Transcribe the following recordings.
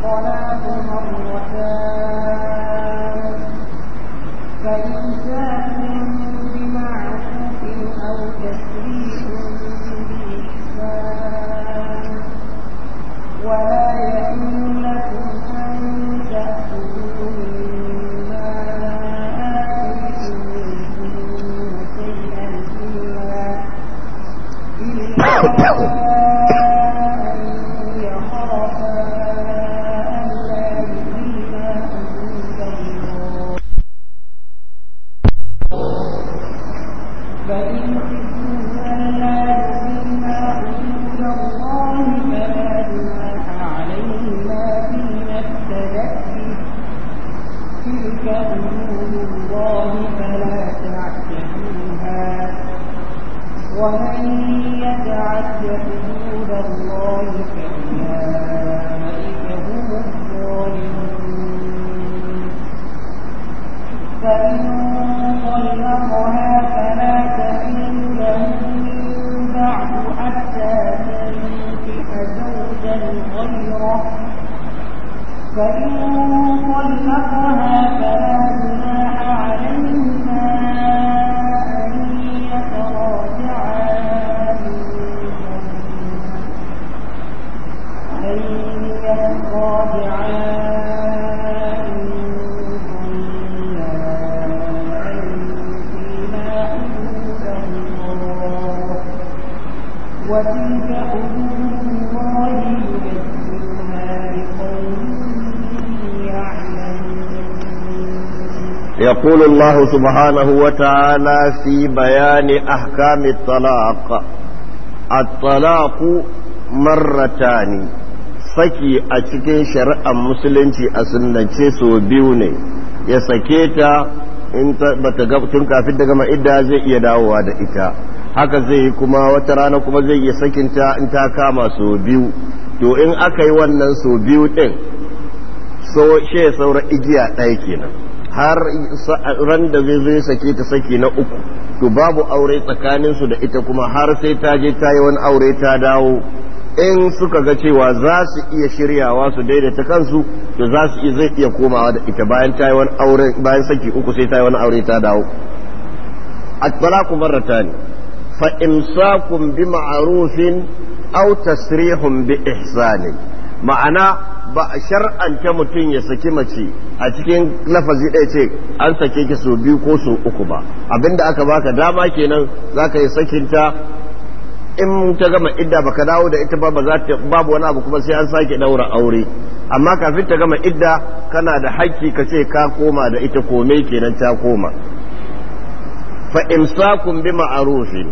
الطلاق مرتان فإن كان يقول الله سبحانه وتعالى في بيان أحكام الطلاق الطلاق مرتان saki a cikin shari'ar musulunci a sunnace so biyu ne ya sake ta in bata ga tun kafin da gama idda zai iya dawowa da ita haka zai yi kuma wata rana kuma zai iya sakinta in ta kama so biyu to in aka yi wannan so biyu din so she saura igiya ɗaya kenan har ran da zai zai sake ta saki na uku to babu aure tsakaninsu da ita kuma har sai ta je ta yi wani aure ta dawo in suka ga cewa za su iya shiryawa su daidaita kansu to za su zai iya komawa da ita bayan ta yi wani aure bayan saki uku sai ta yi wani aure ta dawo at-talaqu marratan fa imsakun bi ma'rufin aw tasrihun bi ihsanin ma'ana ba a shar'anta mutum ya saki mace a cikin lafazi ɗaya ce an sake ki so biyu ko so uku ba abinda aka baka dama kenan za ka yi sakinta in ta gama idda baka dawo da ita ba ba za ta babu wani abu kuma sai an sake daura aure amma kafin ta gama idda kana da haƙƙi ka ce ka koma da ita kome kenan ta koma fa imsakun bi ma'rufin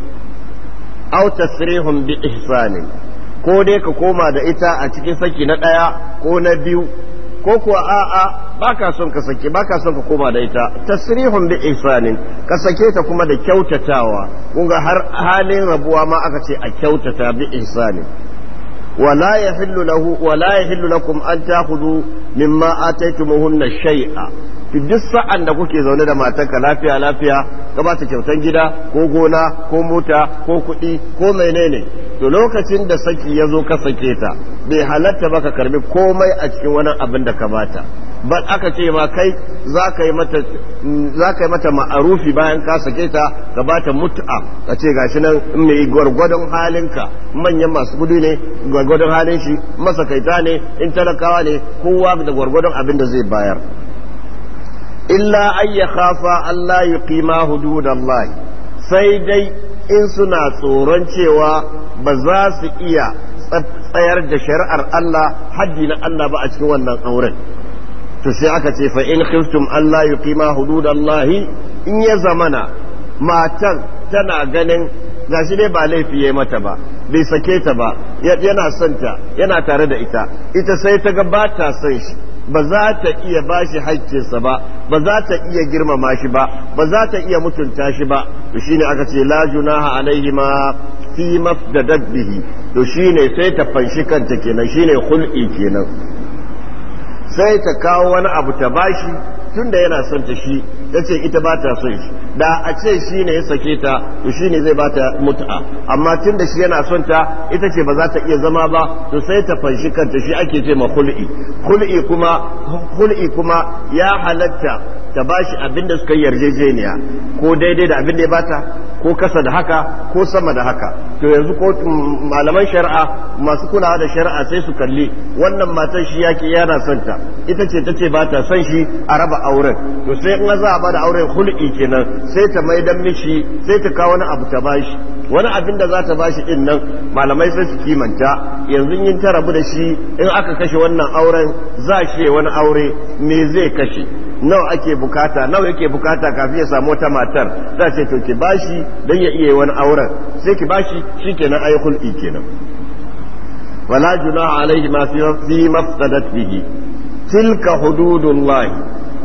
aw tasrihun bi ihsanin ko dai ka koma da ita a cikin saki na ɗaya ko na biyu ko kuwa a'a ka son ka sake ka son ka koma da ita tasrihun bi ihsanin ka sake ta kuma da kyautatawa kun har halin rabuwa ma aka ce a kyautata bi ihsanin ولا يحل له ولا يحل لكم أن تأخذوا مما آتيتموهن شيئا duk sa'an da kuke zaune da matanka lafiya lafiya ka ba ta kyautan gida ko gona ko mota ko kuɗi ko menene to lokacin da saki ya zo ka sake ta bai halatta ba ka karbi komai a cikin wani abin da ka bata bal aka ce ma kai za ka yi mata ma'arufi bayan ka sake ta ka ba ta mut'a ka ce gashi nan mai gwargwadon halinka manyan masu gudu ne gwargwadon halin shi masa masakaita ne in talakawa ne kowa da gwargwadon abin da zai bayar illa an khafa Allah ya qima hududallahi sai dai in suna tsoron cewa ba za su iya tsayar da shari'ar Allah haddi na Allah ba a cikin wannan auren to sai aka ce fa in khiftum Allah yuqima hududallahi in ya zamana matan tana ganin gashi ne ba laifi yayi mata ba bai sake ta ba yana son ta yana tare da ita ita sai ta ga ba ta son shi ba za ta iya ba shi haƙƙinsa ba ba za ta iya girmama shi ba ba za ta iya mutunta shi ba to shine aka ce la junaha alaihi ma fi mafdadat bihi to shine sai ta fanshi kanta kenan shine hul'i kenan sai ta kawo wani abu ta bashi tun da yana son ta shi ta ce ita ba ta son shi da a ce shi ne ya sake ta to shi ne zai ba ta mutu'a amma da shi yana son ta ita ce ba za ta iya zama ba to sai ta fanshi kanta shi ake ce ma hul'i hul'i kuma hul'i kuma ya halatta ta ba shi abin da suka yi yarjejeniya ko daidai da abin da ya bata ko kasa da haka ko sama da haka to yanzu ko malaman shari'a masu kulawa da shari'a sai su kalli wannan matan shi yake yana son ta ita ce tace ba ta son shi a raba auren to sai in za a bada auren hul'i kenan sai ta mai dan mishi sai ta kawo wani abu ta ba shi wani abin da za ta ba shi din nan malamai sai su kimanta yanzu yin ta rabu da shi in aka kashe wannan auren za shi wani aure me zai kashe nawa ake bukata nawa yake bukata kafin ya samu wata matar za ce to ki bashi dan ya iya wani auren sai ki bashi shikenan ayi hulɗi kenan wala junaha alaihi ma fi mafsadat bihi tilka hududullahi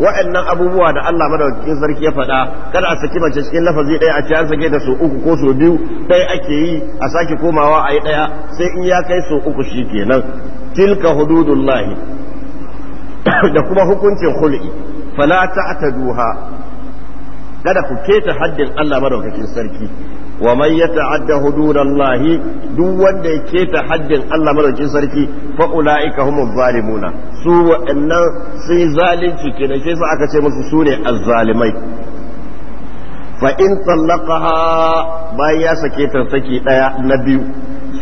wa'annan abubuwa da Allah madaukakin sarki ya faɗa kada a saki mace cikin lafazi ɗaya a ci an sake ta so uku ko so biyu ɗaya ake yi a sake komawa ayi yi ɗaya sai in ya kai so uku shi kenan tilka hududullahi da kuma hukuncin hul'i fala ta'taduha kada ku keta haddin Allah madaukakin sarki wa man yata'adda hududallahi duk wanda ya keta haddin Allah madaukakin sarki fa ulaika humuz zalimuna su wa'annan sai zalunci kenan sai sa aka ce musu sune azzalimai fa in tallaqaha bayan ya sake ta saki daya na biyu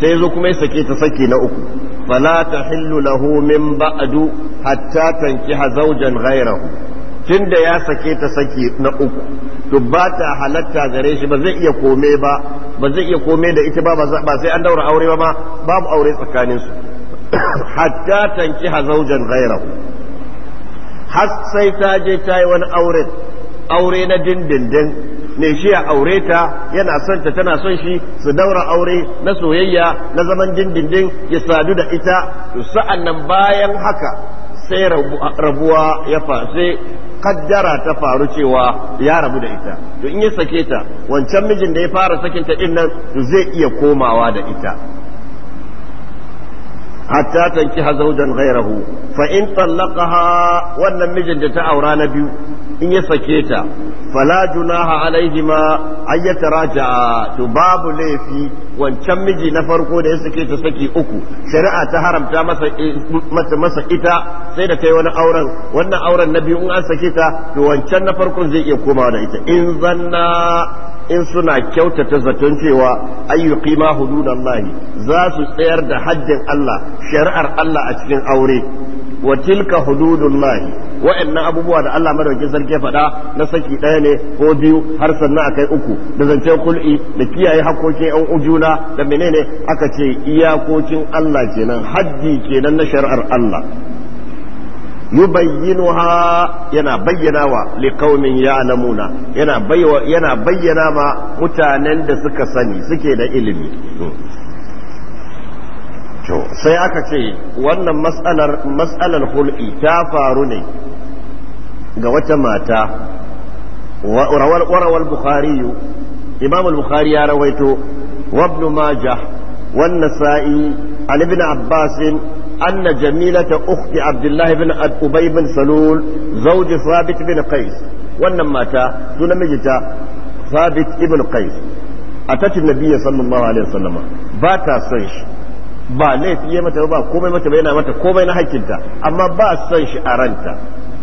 sai zo kuma ya sake ta saki na uku fala tahillu lahu min ba'du hatta tankiha zawjan ghayrahu tunda ya sake ta saki na uku to ba ta halatta gare shi ba zai iya kome ba ba zai iya kome da ita ba ba sai an daura aure ba ma babu aure tsakanin su hatta tanki hazaujan ghairahu har sai ta je ta yi wani aure aure na dindindin ne shi ya aure ta yana son ta tana son shi su daura aure na soyayya na zaman dindindin ya sadu da ita to sa'annan bayan haka sai rabuwa ya fa sai kaddara ta faru cewa ya rabu da ita to in ya sake ta wancan mijin da ya fara sakin ta dinnan to zai iya komawa da ita hatta tanki hazaujan ghairahu fa in tallaqaha wannan mijin da ta aura na biyu in ya sake ta fala junaha alaihima ayyata raja to babu laifi wancan miji na farko da ya sake ta saki uku shari'a ta haramta masa masa ita sai da kai wani auren wannan auren na biyu in an sake ta to wancan na farkon zai iya komawa da ita in zanna in suna kyautata zaton cewa ayyu qima hududallahi za su tsayar da haddin Allah shari'ar Allah a cikin aure wa tilka hududullahi wa'annan abubuwa da Allah madaukakin sarki faɗa na saki ɗaya ne ko biyu har sannan akai uku da zancen kul'i da kiyaye hakokin yan ujuna da menene aka ce iyakokin Allah kenan haddi kenan na shari'ar Allah yubayyinuha yana bayyana wa liqaumin ya'lamuna yana bayyana ma mutanen da suka sani suke da ilimi to sai aka ce wannan matsalar matsalar hul'i ta faru ne ga wata mata warawar bukhari imam bukhari ya rawaito wabnu majah wannan sa'i an ibn abbas anna jamilata ukhti abdullah ibn ubay ibn salul zawj thabit ibn qais wannan mata sunan mijinta thabit ibn qais atati nabiyya sallallahu alaihi wasallama ba ta son shi ba laifi ya mata ba komai mata bai yana mata komai na hakkinta amma ba son shi a ranta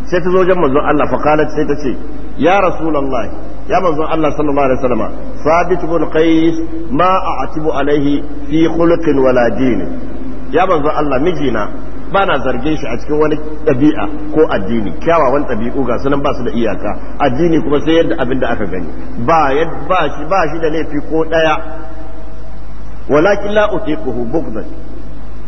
sai ta zo wajen manzon Allah fa qalat sai ta ce ya rasulullahi ya manzon Allah sallallahu alaihi wasallam sabit bin qais ma a'tibu alaihi fi khuluqin wala din ya manzon Allah mijina ba na zargin shi a cikin wani ɗabi'a ko addini kyawawan ɗabi'u ga sunan ba su da iyaka addini kuma sai yadda abin da aka gani ba ba shi da laifi ko ɗaya walakin la utiquhu bughdan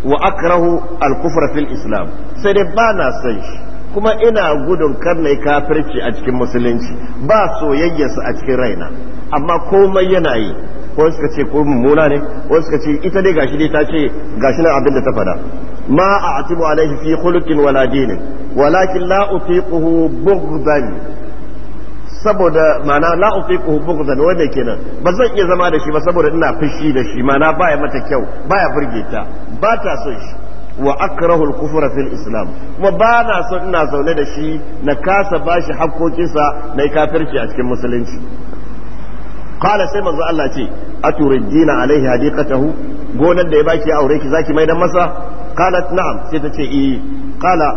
wa akrahu al islam sai dai ba na san shi kuma ina gudun kar na kafirci a cikin musulunci ba soyayyarsa a cikin raina amma komai yana yi ko suka ce ko mummuna ne ko suka ce ita dai gashi dai ta ce gashi nan abin da ta faɗa ma a'tibu alaihi fi khuluqin wala dinin walakin la utiquhu bughdan saboda mana la ufiqu bughdan wanda kenan ba zan iya zama da shi ba saboda ina fushi da shi mana baya mata kyau baya burge ta ba ta son shi wa akrahu al-kufra fil islam kuma ba na son ina zaune da shi na kasa bashi sa na kafirci a cikin musulunci qala sai manzo Allah ce aturijina alaihi hadiqatahu gonar da ya baki aure ki zaki mai dan masa qalat na'am sai ta ce eh qala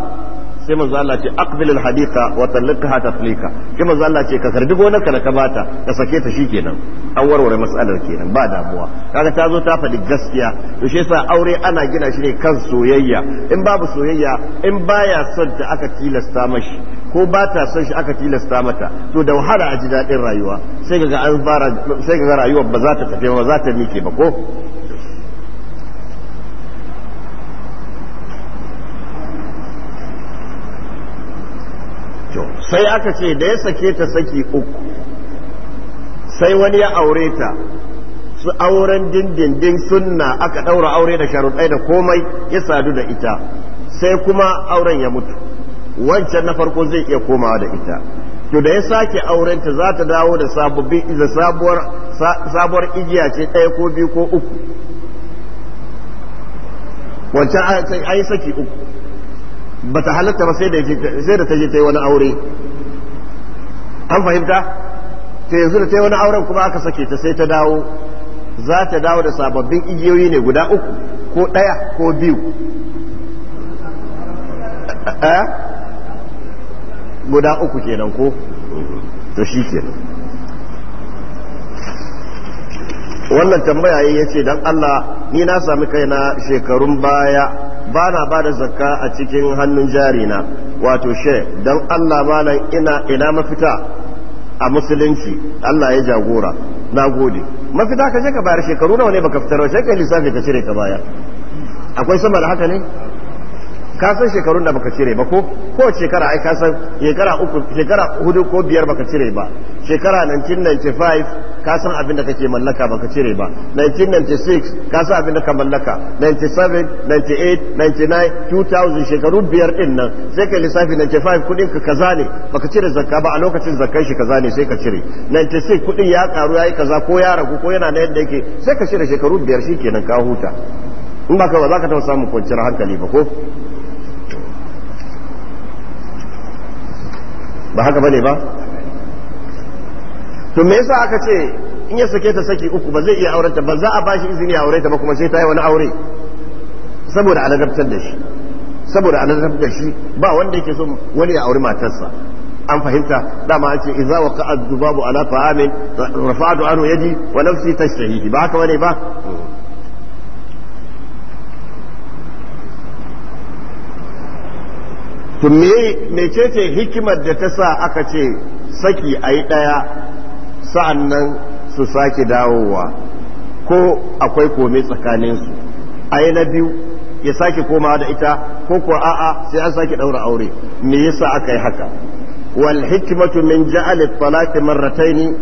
sai manzo Allah ce aqbil al hadika wa talliqha tatlika sai manzo Allah ce ka karbi gonar ka da ka bata ka sake ta shikenan an warware mas'alar kenan ba damuwa kaga ta zo ta faɗi gaskiya to shi yasa aure ana gina shi ne kan soyayya in babu soyayya in baya son ta aka tilasta mashi ko ba ta son shi aka tilasta mata to da wahala a ji daɗin rayuwa sai ga an fara sai ga rayuwar ba za ta tafi ba za ta mike ba ko sai aka ce da ya sake ta saki uku sai wani ya aure ta su auren dindindin sunna aka ɗaura aure da sharuɗai da komai ya sadu da ita sai kuma auren ya mutu wancan na farko zai iya komawa da ita to da ya sake aurenta za ta dawo da sabuwar igiya ce ɗaya ko biyu ko uku wancan yi saki uku ba ta halatta ba sai da ta je ta yi wani aure an fahimta ta yanzu da ta yi wani auren kuma aka sake ta sai ta dawo za ta dawo da sababbin igiyoyi ne guda uku ko ɗaya ko biyu eh? guda uku kenan ko to shi kenan wannan tambaya ya ce don Allah ni na sami kaina shekarun baya ba na ba da zakka a cikin hannun jari na wato she don Allah malam ina ina mafita a musulunci Allah ya jagora na gode mafita ka je ka bayar shekaru nawa ne baka fitar ba sai kai lissafi ka cire ka baya akwai sama da haka ne ka san shekarun da baka cire ba ko ko shekara ai ka san shekara uku shekara hudu ko biyar baka cire ba shekara 1995 ka san abin da kake mallaka ba ka cire ba 1996 ka san abin da ka mallaka 97 98 99 2000 shekaru biyar din nan sai ka lissafi 95 kudin ka kaza ne baka cire zakka ba a lokacin zakkan shi kaza ne sai ka cire 96 kudin ya karu yayi kaza ko ya ragu ko yana na yadda yake sai ka cire shekaru biyar shikenan ka huta in baka ba za ka taɓa samun kwanciyar hankali ba ko ba haka bane ba to me yasa aka ce in ya sake ta saki uku ba zai iya aurenta ba za a bashi izini ya aure ba kuma sai ta yi wani aure saboda a da shi saboda alazabtar da shi ba wanda yake so wani ya aure matarsa an fahimta dama an ce wa waqa dubabu ala ta'amin rafa'tu anu yadi wa nafsi tashtahihi ba haka wani ba to me mecece hikimar da ta sa aka ce saki ayi daya sa'an nan su sake dawowa ko akwai kome tsakaninsu a yi na biyu ya sake koma da ita ko kuwa a'a sai an sake ɗaura aure me yasa aka yi haka wal hikmatu min ja'al at-talaq marratayn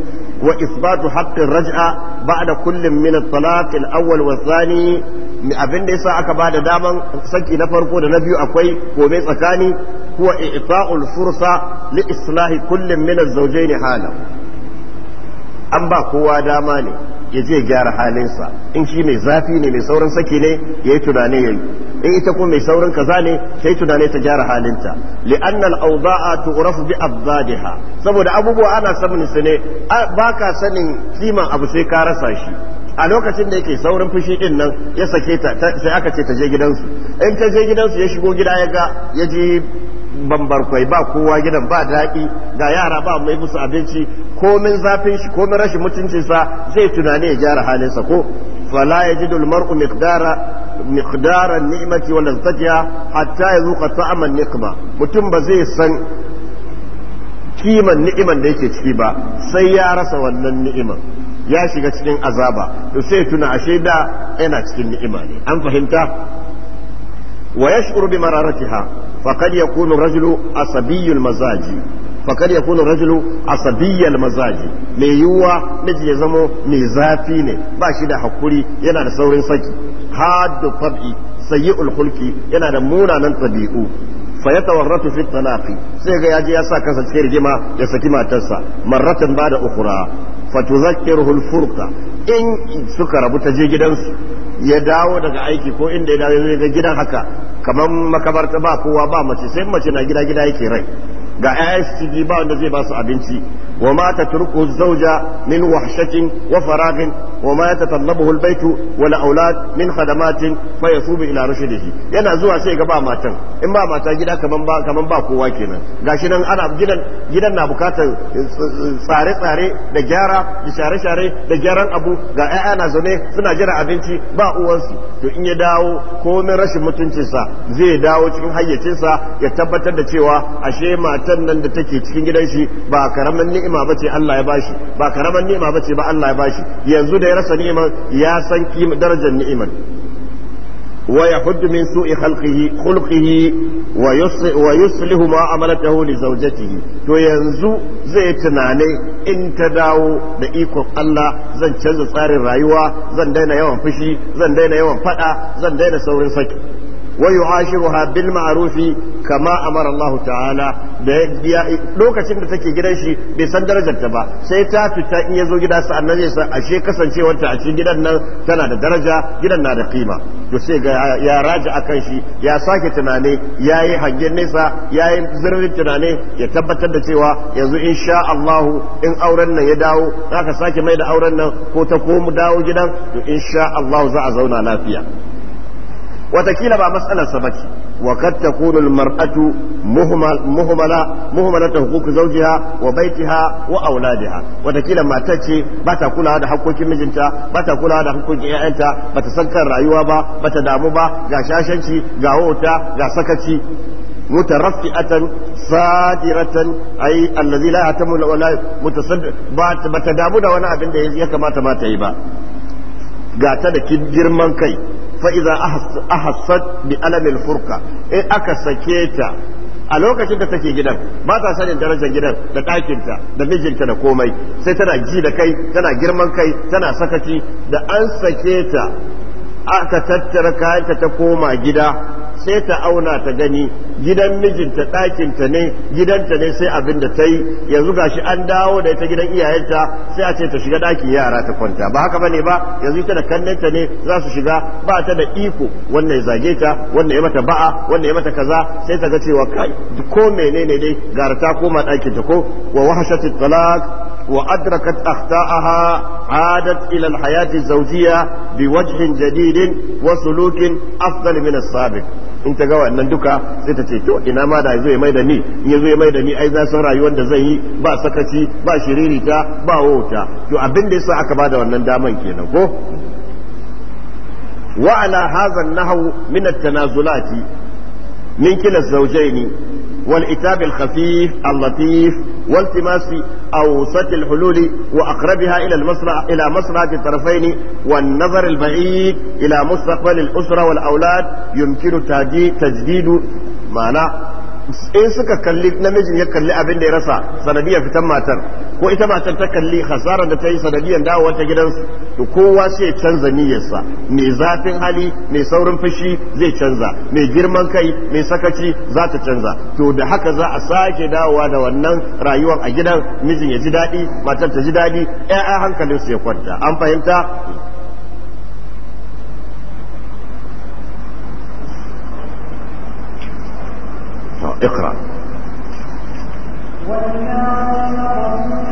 wa isbatu haqq ar-raj'a ba'da kullum min at-talaq al-awwal wa thani abinda yasa aka ba da daman saki na farko da na biyu akwai kome tsakani huwa i'ta'ul fursa li islahi kullin min az-zawjayn hala an ba kowa dama ne ya je gyara halinsa in shi mai zafi ne mai saurin saki ne ya yi tunani ya yi in ita kuma mai saurin kaza ne ta yi tunani ta gyara halinta li'annal auza'a tu'rafu bi ha saboda abubuwa ana samun su ne ba ka sanin kiman abu sai ka rasa shi a lokacin da yake saurin fushi din nan ya sake ta sai aka ce ta je gidansu in ta je gidansu ya shigo gida ya ga ya ji bambarkwai ba kowa gidan ba daɗi ga yara ba mai musu abinci komin zafin shi komin rashin mutuncin mutuncinsa zai tunani ya gyara sa ko fala yajidu almar'u miqdara miqdara ni'mati wa lazzatiha hatta yazuqa ta'aman ni'ma mutum ba zai san kiman ni'iman da yake ciki ba sai ya rasa wannan ni'iman ya shiga cikin azaba to sai tuna ashe da yana cikin ni'ima ne an fahimta wa yashkuru bi mararatiha faqad yakunu rajulu asabiyyul mazaji fakar ya kuna rajulu asabiyyal mazaji mai yiwuwa miji ya zamo mai zafi ne ba shi da hakuri yana da saurin saki haddu fab'i sayi ulhulki yana da munanan tabi'u fa ya fi talaqi sai ga yaji ya sa kansa cikin rigima ya saki matarsa marratan ba da ukhra fa tuzakkiruhu in suka rabu ta je gidansu ya dawo daga aiki ko inda ya dawo ya ga gidan haka kamar makabarta ba kowa ba mace sai mace na gida gida yake rai ga 'ya'ya su ba wanda zai ba su abinci وما تتركه الزوجة من وحشة وفراغ وما يتطلبه البيت والأولاد من خدمات فيصوب إلى رشده yana zuwa sai ga ba matan in ba mata gida kaman ba kowa kenan gashi nan ana gidan na bukatar tsare-tsare da gyara da share-share da gyaran abu ga 'ya'ya na zaune suna jira abinci ba uwansu to in ya dawo komai rashin mutuncinsa zai dawo cikin hayyacinsa ya tabbatar da cewa ashe matan nan da take cikin gidan shi ba karamin ni'ima ni'ima ce Allah ya bashi ba karaman ni'ima bace ba Allah ya bashi yanzu da ya rasa ni'imar ya san darajar ni'imar wa yahuddu min su'i khalqihi khulqihi wa yuslihu ma amalatahu li zawjatihi to yanzu zai tunane in ta dawo da ikon Allah zan canza tsarin rayuwa zan daina yawan fushi zan daina yawan fada zan daina saurin saki Wai ويعاشرها بالمعروف كما kama الله taala lokacin da take gidan shi bai san darajar ta ba sai ta fita in ya zo gida sa'annan zai san ashe kasancewarta a cikin gidan nan tana da daraja gidan na da kima to sai ga ya raja akan shi ya sake tunani ya yi hangen nesa ya yi zirrin tunane ya tabbatar da cewa yanzu insha Allahu in auren nan ya dawo za ka sake mai da auren nan ko ta mu dawo gidan to insha Allahu za a zauna lafiya watakila ba matsalarsa ba bace wa kad takunu mar'atu muhmala ta huquq zawjiha wa baitiha wa auladiha watakila mata ce ba ta kula da hakkokin mijinta ba ta kula da hakkokin ƴaƴanta ba ta san kan rayuwa ba ba ta damu ba ga shashanci ga wauta ga sakaci مترفئة صادرة أي الذي لا يعتمد ولا متصدر بتدامد وانا أبن ده يكما تما تيبا gata da girman kai fa a ahassat bi alamil furqa in aka sake ta a lokacin da take gidan ba ta sanin darajar gidan da ɗakinta da mijinta da komai sai tana ji da kai tana girman kai tana sakaci da an sake ta aka tattara kayanta ta koma gida sai ta auna ta gani gidan mijinta ɗakinta ne gidanta ne sai abin da ta yi yanzu gashi an dawo da ita gidan iyayenta sai a ce ta shiga ɗakin yara ta kwanta ba haka bane ba yanzu ita da kannenta ne za su shiga ba ta da iko wannan ya zage ta wannan ya mata ba'a wannan ya mata kaza sai ta ga cewa kai ko menene dai gara ta koma ɗakinta ko wa wahashatit talak. وأدركت أخطاءها عادت إلى الحياة الزوجية بوجه جديد وسلوك أفضل من السابق in ta ga wannan duka sai ta ce to ina ma da zai mai da ni in ya zai mai da ni ai za san rayuwar da zai yi ba sakaci ba shiririta ba wauta to abin da yasa aka bada wannan daman kenan ko wa ala hadha an-nahw min at-tanazulat min kila az والإتاب الخفيف اللطيف والتماس أوسط الحلول وأقربها إلى المصرع إلى مصرعة الطرفين والنظر البعيد إلى مستقبل الأسرة والأولاد يمكن تجديد معناه in suka kalli namijin ya kalli abin da ya rasa sanadiyar fitan matar ko ita matar ta kalli hasarar da ta yi sanadiyar dawowar ta gidansu to kowa sai canza niyyarsa mai zafin hali mai saurin fushi zai canza mai girman kai mai sakaci za ta canza to da haka za a sake dawowa da wannan rayuwar a gidan mijin ya ji daɗi matar ta ji daɗi hankalin hankalinsu ya kwanta an fahimta اقرأ والنار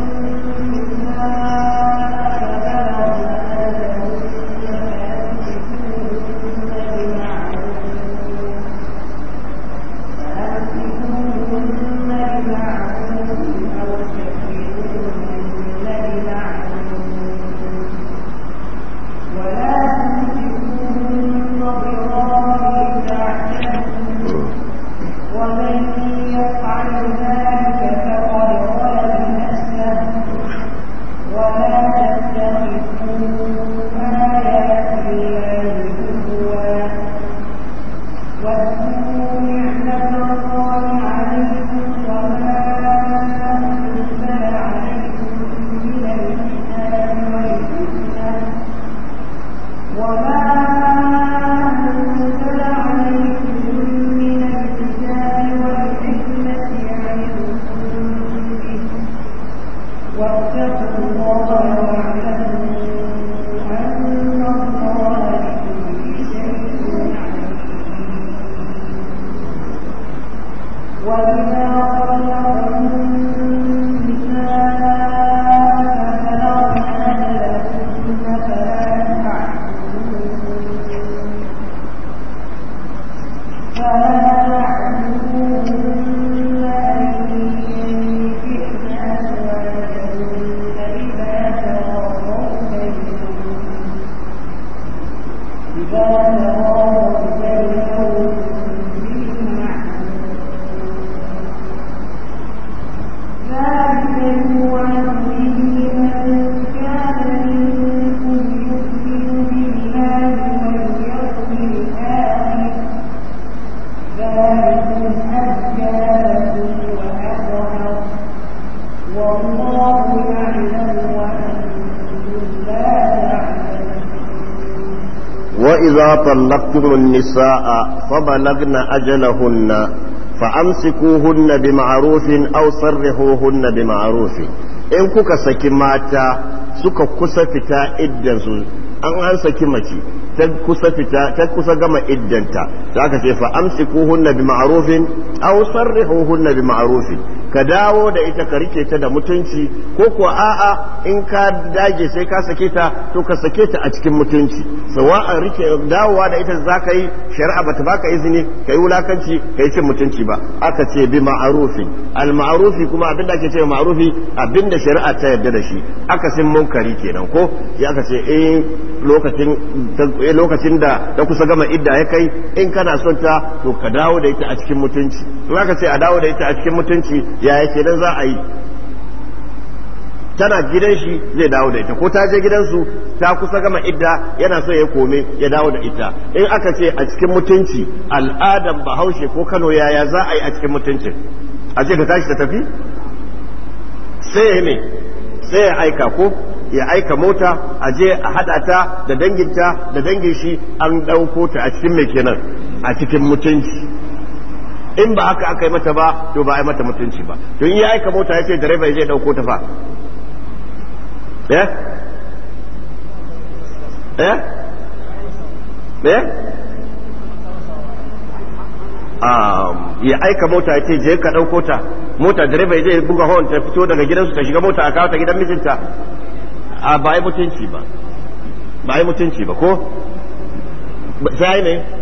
Senhor. طلقتم النساء فبلغن أجلهن فأمسكوهن بمعروف أو صرحوهن بمعروف إن كوكا سكي ماتا سكا كسا فتا إدن أن أن سكي ماتي ta kusa fita ta kusa gama iddanta da aka ce fa amsikuhunna bi ma'rufin aw sarrihuhunna da ita ka rike ta da mutunci ko ko a'a in ka dage sai ka sake ta to ka sake ta a cikin mutunci sawa'an rike dawowa da ita za ka yi shari'a bata baka izini ka yi wulakanci ka yi cin mutunci ba aka ce bi ma'arufi al ma'arufi kuma abin da ake ce ma'arufi abinda shari'a ta yarda da shi aka sin munkari kenan ko ya aka ce eh lokacin eh, lokacin da ta kusa gama idda ya kai in kana son ta to ka dawo da ita a cikin mutunci in aka ce a dawo da ita a cikin mutunci ya yake dan za a yi tana gidan shi zai dawo da ita ko ta je gidan su ta kusa gama idda yana so ya kome ya dawo da ita in aka ce a cikin mutunci al'adan bahaushe ko kano yaya za a yi a cikin mutunci a ce ka tashi ta tafi sai ya ne sai ya aika ko ya aika mota a je a haɗa ta da danginta da dangin shi an ɗauko ta a cikin mai kenan a cikin mutunci in ba haka aka yi mata ba to ba a yi mata mutunci ba to in ya aika mota ya ce direba ya je ɗauko ta fa ya? ya? eh, eh? eh? Um, ya aika mota ya ce je ka ɗauko ta mota direba ya je buga horn ta fito daga gidansu ta shiga mota a kawo ta gidan mijinta a ba yi mutunci ba ba yi mutunci ba ko sai ne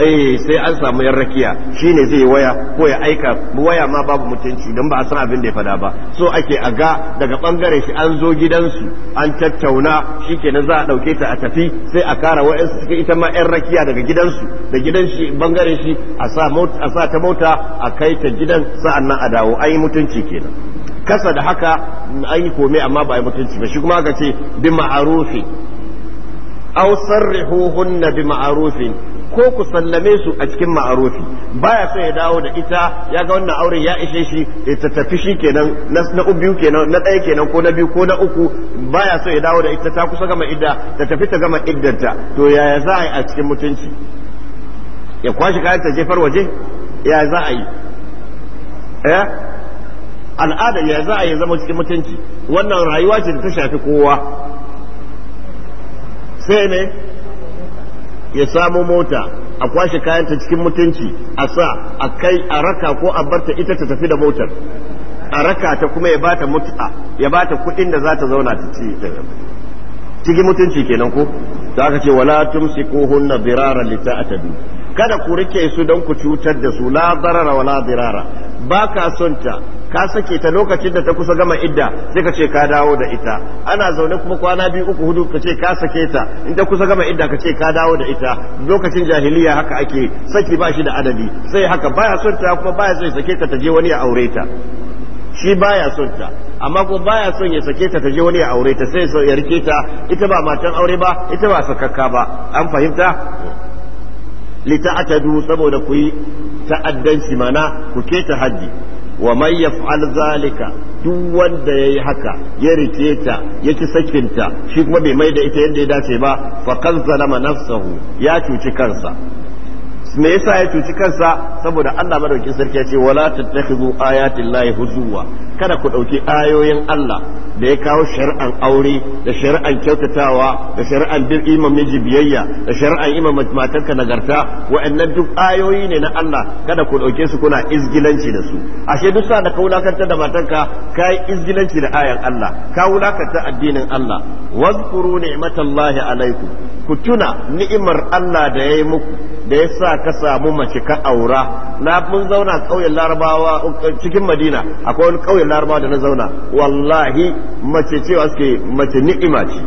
eh sai an samu yan rakiya shine zai waya ko ya aika waya ma babu mutunci don ba a san abin da ya fada ba so ake a ga daga bangare shi an zo gidansu an tattauna shikenan za a dauke ta a tafi sai a kara wayansu suke ita ma yan rakiya daga gidansu da gidan shi bangare shi a sa ta mota a kai ta gidan sa'annan a dawo an yi mutunci kenan kasa da haka an yi kome amma ba a yi mutunci ba shi kuma aka ce bi ma'arufi aw sarrihuhunna bi ko ku sallame su a cikin ma'arufi baya so ya dawo da ita ya ga wannan auren ya ishe shi ta tafi shi kenan na biyu kenan na ɗaya kenan ko na biyu ko na uku baya so ya dawo da ita ta kusa gama idda ta tafi ta gama iddanta to yaya za a yi a cikin mutunci ya kwashi kayan ta jefar waje ya za a yi eh al'ada ya za a yi zama cikin mutunci wannan rayuwa ce da ta shafi kowa sai ne ya samu mota a kwashe kayanta cikin mutunci a sa a kai a raka ko a barta ita ta tafi da motar a raka ta kuma ya bata mutu'a ya bata kuɗin da za ta zauna ta ci cikin mutunci kenan ko da aka ce wala tumsikuhunna birara lita'tadu kada ku rike su don ku cutar da su la darara wala dirara ba ka son ta ka sake ta lokacin da ta kusa gama idda sai ka ce ka dawo da ita ana zaune kuma kwana biyu uku hudu ka ce ka sake ta in ta kusa gama idda ka ce ka dawo da ita lokacin jahiliya haka ake saki ba shi da adadi sai haka baya son ta kuma baya son sake ta ta je wani ya aure ta shi baya son ta amma ko baya son ya sake ta ta je wani ya aure ta sai ya rike ta ita ba matan aure ba ita ba sakakka ba an fahimta lita saboda ku yi ta'addanci mana ku keta hajji. wa man yaf'al zalika duk wanda yayi haka ya rike ta ya ki sakinta shi kuma bai mai da ita yadda ya dace ba fa kan zalama nafsahu ya cuci kansa me yasa ya cuci kansa saboda Allah madaukin sarki ya ce wala tattakhizu ayatin lahi huzuwa kada ku dauki ayoyin Allah da ya kawo shari'an aure da shari'an kyautatawa da shari'an bil imam miji biyayya da shari'an imam matanka nagarta wa'annan duk ayoyi ne na Allah kada ku dauke su kuna izgilanci da su ashe duk sa da ka wulakanta da matarka kai izgilanci da ayan Allah ka wulakanta addinin Allah wazkuru ni'matallahi alaikum ku tuna ni'imar Allah da yayi muku da ya sa ka samu mace ka aura na mun zauna ƙauyen larabawa uh, cikin madina akwai wani ƙauyen larabawa da na zauna wallahi mace cewa suke mace ni'ima ce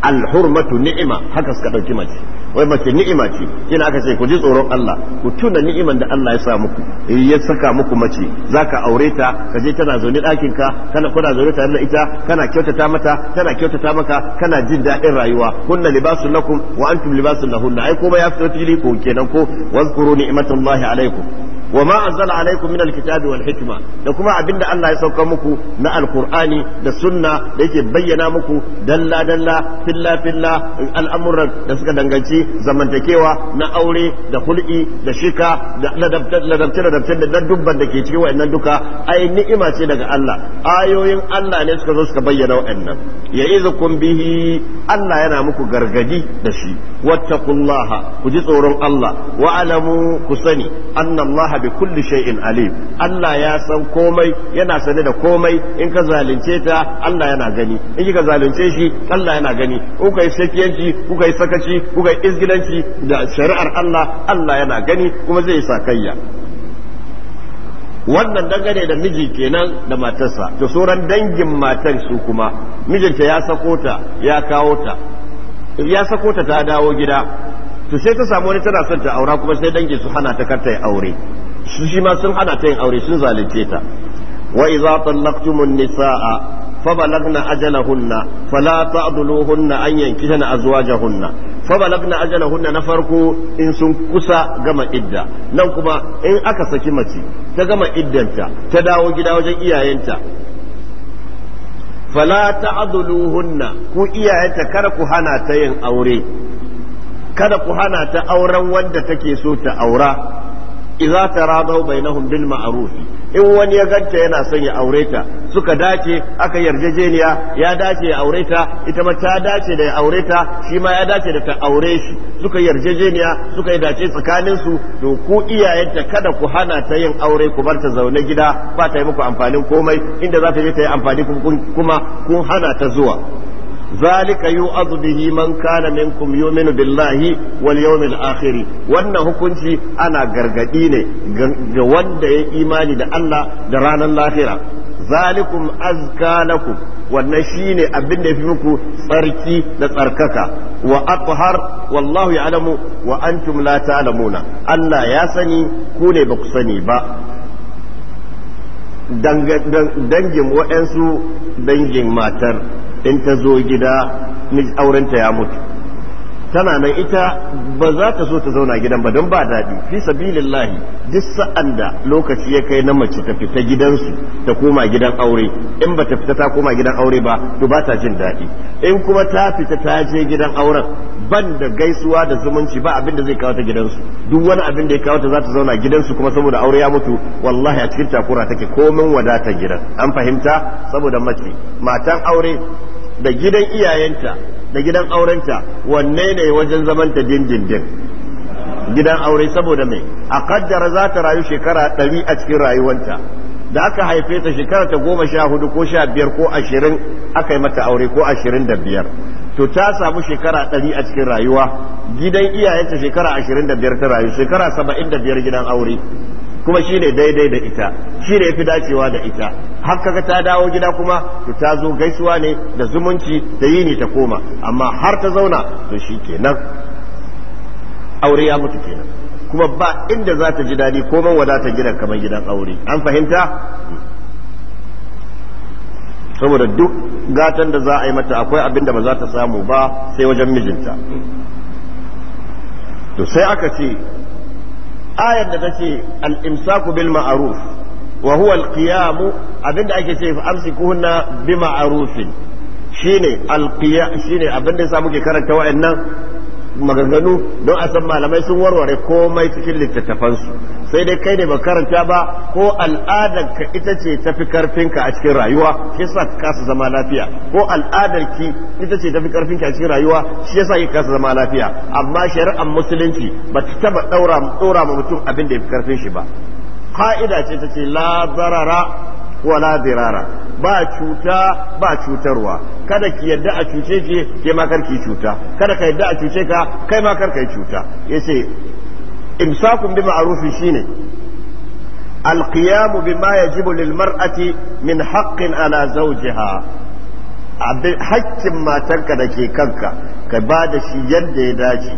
alhurmatu ni'ima haka suka ɗauki mace wai mace ni'ima ce ina aka ce ku ji tsoron Allah ku tuna ni'iman da Allah ya sa muku eh, ya saka muku mace zaka aure ta ka je tana zaune dakin ka kana kuna zaune tare da ita kana kyautata mata tana kyautata maka kana jin daɗin rayuwa kunna libasun lakum wa antum libasun lahunna ai komai ya fito fili ko kenan ko wazkuru ni'matullahi alaikum wa ma anzala alaikum min alkitabi wal hikma da kuma abinda Allah ya sauka muku na alqur'ani da sunna da yake bayyana muku dalla dalla filla filla al'amuran da suka danganci zamantakewa na aure da hul'i da shika da ladabtar ladabtar da dubban da ke cikin wa'annan duka ai ni'ima ce daga Allah ayoyin Allah ne suka zo suka bayyana wa'annan ya izukum bihi Allah yana muku gargadi da shi wattaqullaha ku ji tsoron Allah wa ku sani annan Allah bi kulli shay'in alim Allah ya san komai yana sane da komai in ka zalunce ta Allah yana gani in kika zalunce shi Allah yana gani kuka yi sakiyanci kuka yi sakaci kuka yi izgilanci da shari'ar Allah Allah yana gani kuma zai sa kayya wannan dangane da miji kenan da matarsa to sauran dangin matan su kuma mijinta ya sako ta ya kawo ta ya sako ta ta dawo gida to sai ta samu wani tana son ta aura kuma sai dangin su hana ta karta ya aure shi ma sun hana ta yin aure sun zalunce ta wa idza tallaqtum an nisaa fa balagna ajalahunna fala ta'duluhunna an yankihana azwajahunna fa balagna ajalahunna na farko in sun kusa gama idda nan kuma in aka saki mace ta gama iddanta ta dawo gida wajen iyayenta fala ta'duluhunna ku iyayenta kar ku hana ta yin aure kada ku hana ta auren wanda take so ta aura idza taradaw bainahum bil ma'ruf in wani ya ganta yana son ya aure ta suka dace aka yarjejeniya ya dace ya aure ta ita ma ta dace da ya aure ta shi ma ya dace da ta aure shi suka yarjejeniya suka yi dace tsakanin su to ku iyayenta kada ku hana ta yin aure ku bar ta zaune gida ba ta yi muku amfanin komai inda za ta je ta yi amfani kuma kun hana ta zuwa zalika yu'adhu bihi man kana minkum yu'minu billahi wal yawmil akhir wannan hukunci ana gargadi ne ga wanda ya imani da Allah da ranar lahira zalikum azka lakum wannan shine abin da yafi muku tsarki da tsarkaka wa athhar wallahu ya'lamu wa tumlata la ta'lamuna Allah ya sani ku ne ba ku sani ba dangin waɗansu dangin matar in ta zo gida aurenta ya mutu tana nan ita ba za ta so ta zauna gidan ba don ba daɗi fi sabilillahi duk sa'an da lokaci ya kai na mace ta fita gidansu ta koma gidan aure in ba ta fita ta koma gidan aure ba to ba ta jin daɗi in kuma ta fita ta je gidan auren ban da gaisuwa da zumunci ba abin da zai kawo ta gidansu duk wani abin da ya kawo ta za ta zauna gidansu kuma saboda aure ya mutu wallahi a cikin takura take komin wadatar gidan an fahimta saboda mace matan aure da gidan iyayenta da gidan aurenta wanne ne wajen zaman ta dindindin gidan aure saboda mai a kaddara za ta rayu shekara ɗari a cikin rayuwanta da aka haife ta shekara ta goma sha hudu ko sha biyar ko ashirin aka yi mata aure ko ashirin da biyar to ta samu shekara ɗari a cikin rayuwa gidan iyayenta shekara ashirin da biyar ta rayu shekara saba'in da biyar gidan aure kuma shi ne daidai da ita shi ne fi dacewa da ita har kaga ta dawo gida kuma to ta zo gaisuwa ne da zumunci da yini ta koma amma har ta zauna to shi kenan aure ya mutu kenan kuma ba inda za ta ji daɗi ko man wadata gidan kamar gidan aure an fahimta saboda duk gatan da za a yi mata akwai abin da ba za ta samu ba sai wajen mijinta to sai aka ce ayar da take al-imsaku bil ma'ruf wa huwa al-qiyam abinda ake ce amsikuhunna bi ma'rufin shine al shine abinda yasa muke karanta wa'annan maganganu don a san malamai sun warware komai cikin littattafansu sai dai kai ne ba karanta ba ko al'adar ka ita ce tafi karfinka a cikin rayuwa shi yasa ka kasa zama lafiya ko al'adar ki ita ce tafi karfinka a cikin rayuwa shi yasa ka kasa zama lafiya amma shari'ar musulunci ba ta taba daura ma mutum abin da ya fi karfin shi ba ka'ida ce ta ce la zarara wala zirara ba cuta ba cutarwa kada ki yadda a cuce ki ke ma karki cuta kada ka yadda a cuce ka kai ma karka yi cuta yace imsakun bi ma'rufi shine القيام بما يجب min من حق على زوجها hakkin matarka da ke kanka ka ba da shi yadda ya dace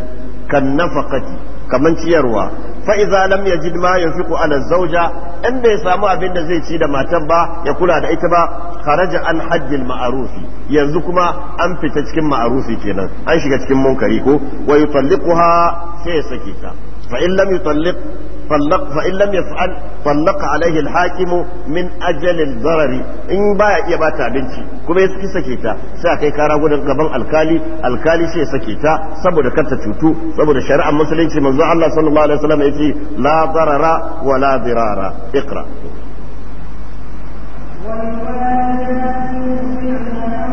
kan nafakati kaman ciyarwa fa idza lam ya ma yunfiqu ala zawja in bai samu abin da zai ci da matan ba ya kula da ita ba kharaja an hajjil ma'arufi yanzu kuma an fita cikin ma'arufi kenan an shiga cikin munkari ko wa yutalliquha sai ya sake ta fa in lam طلق فإن لم يفعل طلق عليه الحاكم من أجل الضرر إن بايا إيا باتا بنتي كما يسكي سكيتا ساكي كارا قد قبل الكالي الكالي شي سكيتا سبو دكتا تشوتو سبو دشرع مسلين شي منزوع الله صلى الله عليه وسلم يتي لا ضرر ولا ضرار اقرأ والوالدات يرضعن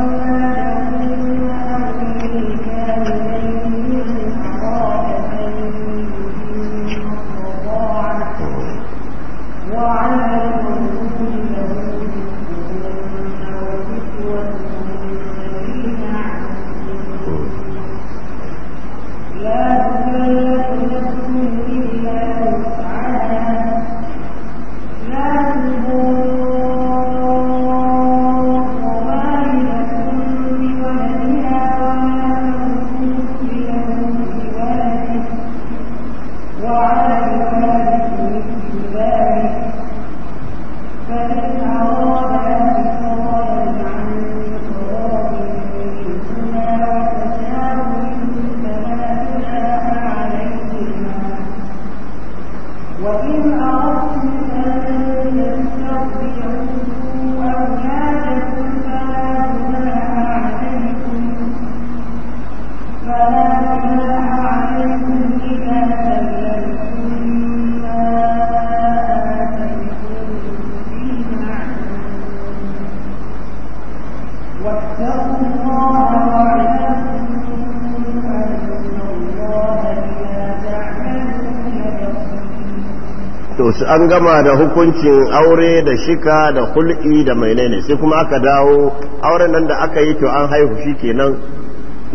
an gama da hukuncin aure da shika da hul'i da mai menene sai kuma aka dawo auren nan da aka yi to an haihu shi kenan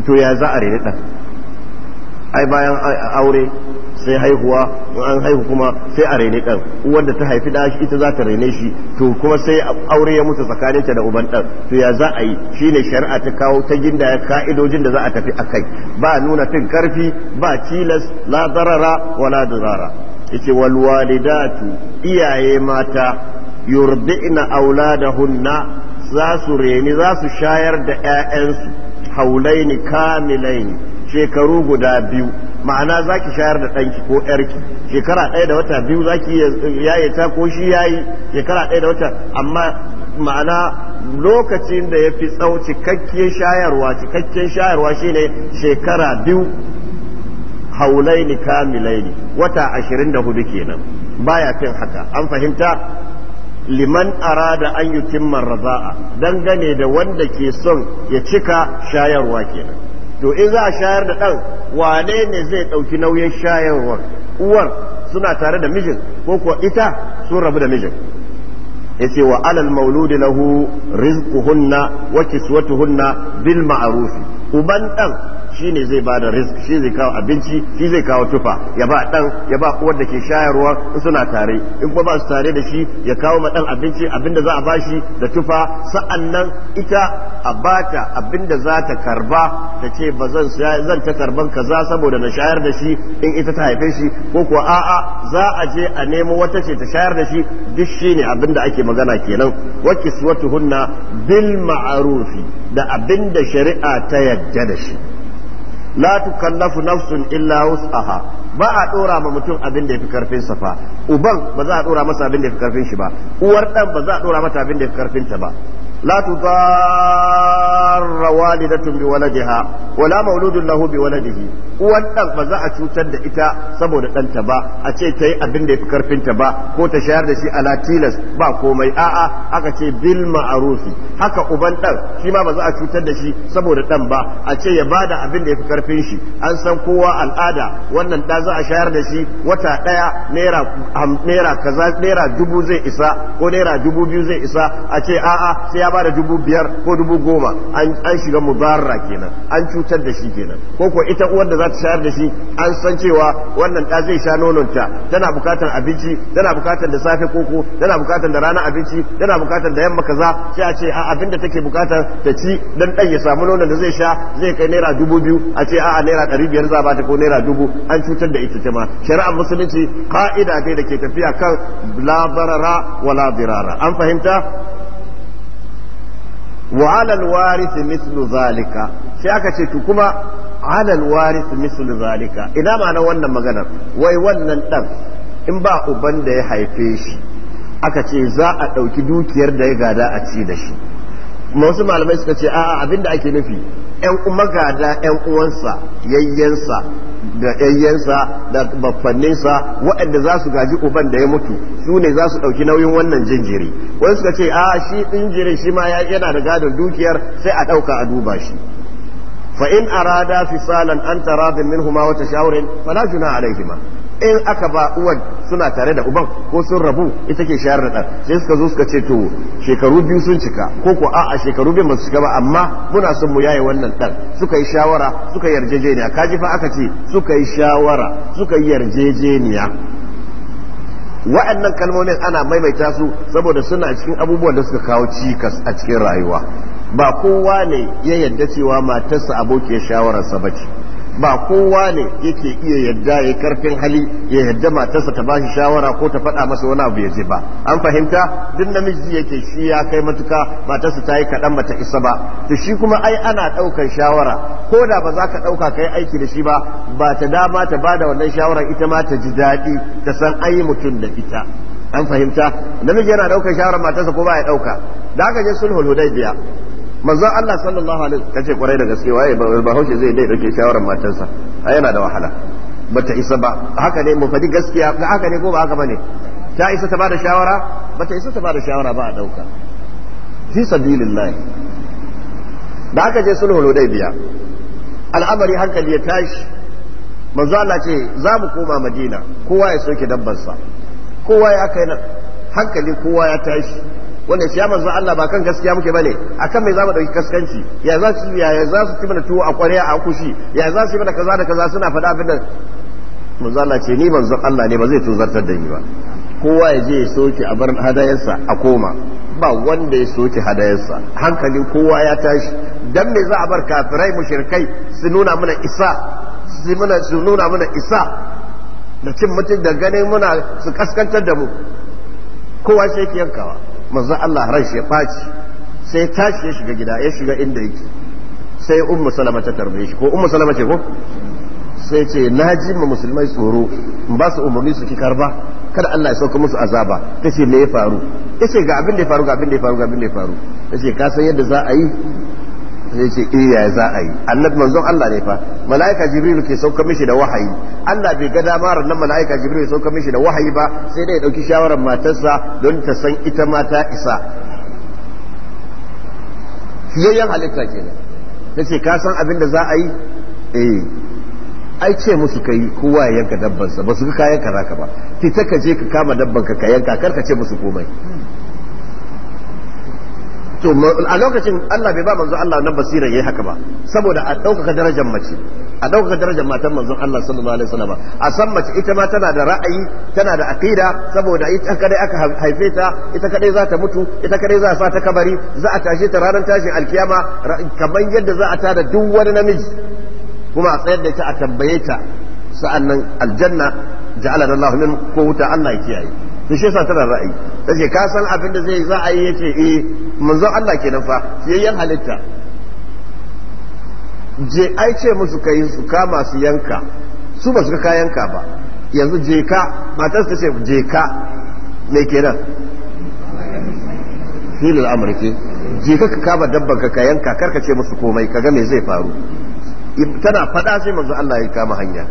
to ya za a rene ai bayan aure sai haihuwa an haihu kuma sai a rene ɗan uwar da ta haifi da ita za ta rene shi to kuma sai aure ya mutu tsakanin ta da uban ɗan to ya za a yi shine shari'a ta kawo ta ginda ka'idojin da za a tafi a kai ba nuna fin karfi ba tilas la darara wala dirara yace wal walidatu iyaye mata yurdi'na auladahunna za su reni za su shayar da 'ya'yansu haulaini kamilaini shekaru guda biyu ma'ana za ki shayar da ɗanki ko ƴarki shekara ɗaya da wata biyu za ki yaye ta ko shi yayi shekara ɗaya da wata amma ma'ana lokacin da ya fi tsau cikakken shayarwa cikakken shayarwa shine shekara biyu haulaini kamilaini wata ashirin da hudu kenan baya fin haka an fahimta liman arada an yutimma raza'a dangane da wanda ke son ya cika shayarwa kenan to in za a shayar da ɗan wane ne zai ɗauki nauyin shayarwar uwar suna tare da mijin ko kuwa ita sun rabu da mijin yace wa alal mauludi lahu rizquhunna wa kiswatuhunna bil ma'ruf uban ɗan Shi ne zai ba da rizq shi zai kawo abinci shi zai kawo tufa ya ba dan ya ba uwar da ke shayarwa in suna tare in kuma ba su tare da shi ya kawo ma dan abinci abinda za a bashi da tufa sa'annan ita a bata abinda za ta karba ta ce ba zan zan ta karban kaza saboda na shayar da shi in ita ta haife shi ko kuwa a'a za a je a nemo wata ce ta shayar da shi duk shi abin abinda ake magana kenan wa kiswatuhunna bil ma'rufi da abinda shari'a ta yadda da shi la tukallafu nafsun illa wus'aha ba a dora ma mutum abin da yafi karfin sa fa uban ba za a dora masa abin da yafi karfin shi ba uwar dan ba za a dora mata abin da yafi karfin ta ba لا تضار والدة بولدها ولا مولود له بولده wannan ba za a cutar da ita saboda ɗanta ba a ce ta yi abin da ya fi karfinta ba ko ta shayar da shi ala tilas ba komai a'a aka ce bil ma'arufi haka uban ɗan shi ma ba za a cutar da shi saboda ɗan ba a ce ya bada abin da ya fi karfin shi an san kowa al'ada wannan ɗa za a shayar da shi wata ɗaya naira kaza naira dubu zai isa ko naira dubu biyu zai isa a ce a'a sai ya ba da dubu biyar ko dubu goma an shiga mubarra kenan an cutar da shi kenan ko ko ita uwar da za ta shayar da shi an san cewa wannan ɗa zai sha nononta tana bukatar abinci tana bukatar da safe koko tana bukatar da rana abinci tana bukatar da yamma kaza sai a ce a abin da take bukatar ta ci dan ɗan ya samu nonon da zai sha zai kai naira dubu biyu a ce a'a naira ɗari biyar za bata ko naira dubu an cutar da ita ta ma shari'ar musulunci ka'ida ce da ke tafiya kan labarara wa labirara an fahimta وعلى الوارث مثل ذلك شي sai aka ce to kuma alal warith mislu zalika ina ma'anar wannan maganar wai wannan dan in ba uban da ya haife shi aka ce za a ɗauki dukiyar da ya gada a ci da shi wasu malamai suka ce a'a abinda ake nufi yan magada yan uwansa yayyansa. da yayyensa da baffanninsa waɗanda za su gaji uban da ya mutu su ne za su ɗauki nauyin wannan jinjiri wani suka ce a shi jinjirin shi ma ya yana da gadon dukiyar sai a ɗauka a duba shi fa in arada fisalan an tarabin minhuma wa tashawurin fala juna alaihima in aka ba uwan suna tare da uban ko sun rabu ita ke shayar da ɗan sai suka zo suka ce to shekaru biyu sun cika ko ko a'a shekaru biyu masu cika ba amma muna son mu yaye wannan ɗan suka yi shawara suka yarjejeniya kaji fa aka ce suka yi shawara suka yi yarjejeniya wa'annan kalmomin ana maimaita su saboda suna cikin abubuwan da suka kawo cikas a cikin rayuwa ba kowa ne ya yarda cewa matarsa abokiyar shawararsa ba ce ba kowa ne yake iya yadda ya karfin hali ya yadda matarsa ta bashi shawara ko ta faɗa masa wani abu ya je ba an fahimta duk namiji yake shi ya kai matuka matarsa ta yi kaɗan bata isa ba to shi kuma ai ana ɗaukar shawara ko da ba za ka ɗauka kai aiki da shi ba ba ta dama ta bada da wannan shawarar ita ma ta ji daɗi ta san ai mutum da ita an fahimta namiji yana ɗaukar shawara matarsa ko ba ya ɗauka da aka je sulhul hudaybiya manzon Allah sallallahu alaihi wasallam kace kwarai da gaske waye ba zai dai dauke shawaran matarsa a yana da wahala bata isa ba haka ne mu fadi gaskiya ga haka ne ko ba haka bane ta isa ta bada shawara bata isa ta bada shawara ba a dauka fi sabilillah da aka je sulhul hudaybiya al'amari hankali ya tashi manzo Allah ce za mu koma Madina kowa ya soke dabbarsa kowa ya kai hankali kowa ya tashi wanda ya manzo Allah ba kan gaskiya muke bane akan mai zama dauki kaskanci ya za su ya za su ci mana tuwo a kwarya a kushi ya za su yi mana kaza da kaza suna faɗa abin nan manzo Allah ce ni manzo Allah ne ba zai tuzartar da ni ba kowa ya je ya soke a bar hadayarsa a koma ba wanda ya soke hadayarsa hankalin kowa ya tashi dan me za a bar kafirai mushrikai su nuna mana isa su mana su nuna mana isa da cin mutum da ganin muna su kaskantar da mu kowa shi yake yankawa manzon Allah ran shi ya faci sai ya tashi ya shiga gida ya shiga inda yake sai ummu salama ta tarbe shi ko ummu salama ce ko sai ce na ji ma musulmai tsoro in ba su umarni su ki karba kada Allah ya sauka musu azaba kace ce me ya faru ya ce ga abin da ya faru ga abin da ya faru ga abin da ya faru ta ce ka san yadda za a yi zai ce iya eh, za a yi annabi manzon Allah ne fa malaika jibril ke sauka mishi da wahayi Allah bai ga damar nan malaika jibril ya sauka mishi da wahayi ba sai dai ya dauki shawarar matarsa don ta san ita ma ta isa fiyayyen halitta kenan tace ka san abin da za a yi eh ai ce musu kai kowa ya yanka dabbansa ba su ga kayan ka ba ki ta kaje ka kama dabban ka ka yanka kar ka ce musu komai to a lokacin Allah bai ba manzon Allah nan basira yayi haka ba saboda a ɗaukaka darajar mace a ɗaukaka darajar matan manzon Allah sallallahu alaihi wasallam a san mace ita ma tana da ra'ayi tana da aqida saboda ita kadai aka haife ta ita kadai za ta mutu ita kadai za sa ta kabari za a tashe ta ranar tashin alkiyama kamar yadda za a tada duk wani namiji kuma a tsayar da ita a tambaye ta sa'annan aljanna ja'alana Allah min ko wuta Allah ya kiyaye to shi yasa tana ra'ayi ce ka san abin da zai za a yi yace eh manzon Allah kenan fa yan halitta je ai ce musu kai su kama su yanka su ba su ka yanka ba yanzu je ka matar ta ce je ka me kenan filin amurki je ka ka kama dabban ka yanka karka ce musu komai kaga me zai faru tana faɗa sai manzo Allah ya kama hanya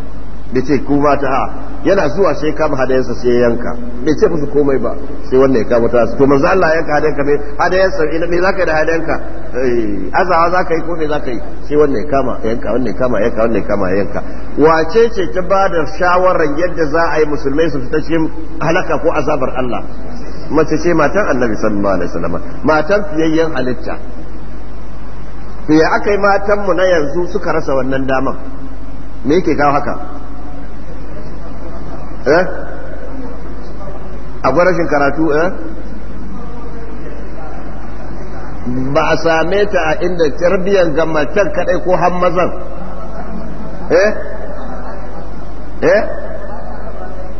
bai ce ku ba ta yana zuwa sai kama hadayensa sai ya yanka bai ce musu komai ba sai wannan ya kama ta to manzo Allah yanka hadayenka me hadayensa ina me zaka yi da hadayenka eh, azawa zaka yi ko me zaka yi sai wannan ya kama yanka wannan ya kama yanka wannan ya kama yanka wace ce ta ba da shawaran yadda za a yi musulmai su fita cikin halaka ko azabar Allah mace ce matan Annabi sallallahu alaihi wasallam matan fiyayyen halitta to ya aka yi matanmu na yanzu suka rasa wannan daman me yake kawo haka eh akwai rashin karatu eh ba a same ta a inda tarbiyyar matar kadai ko hammazan eh eh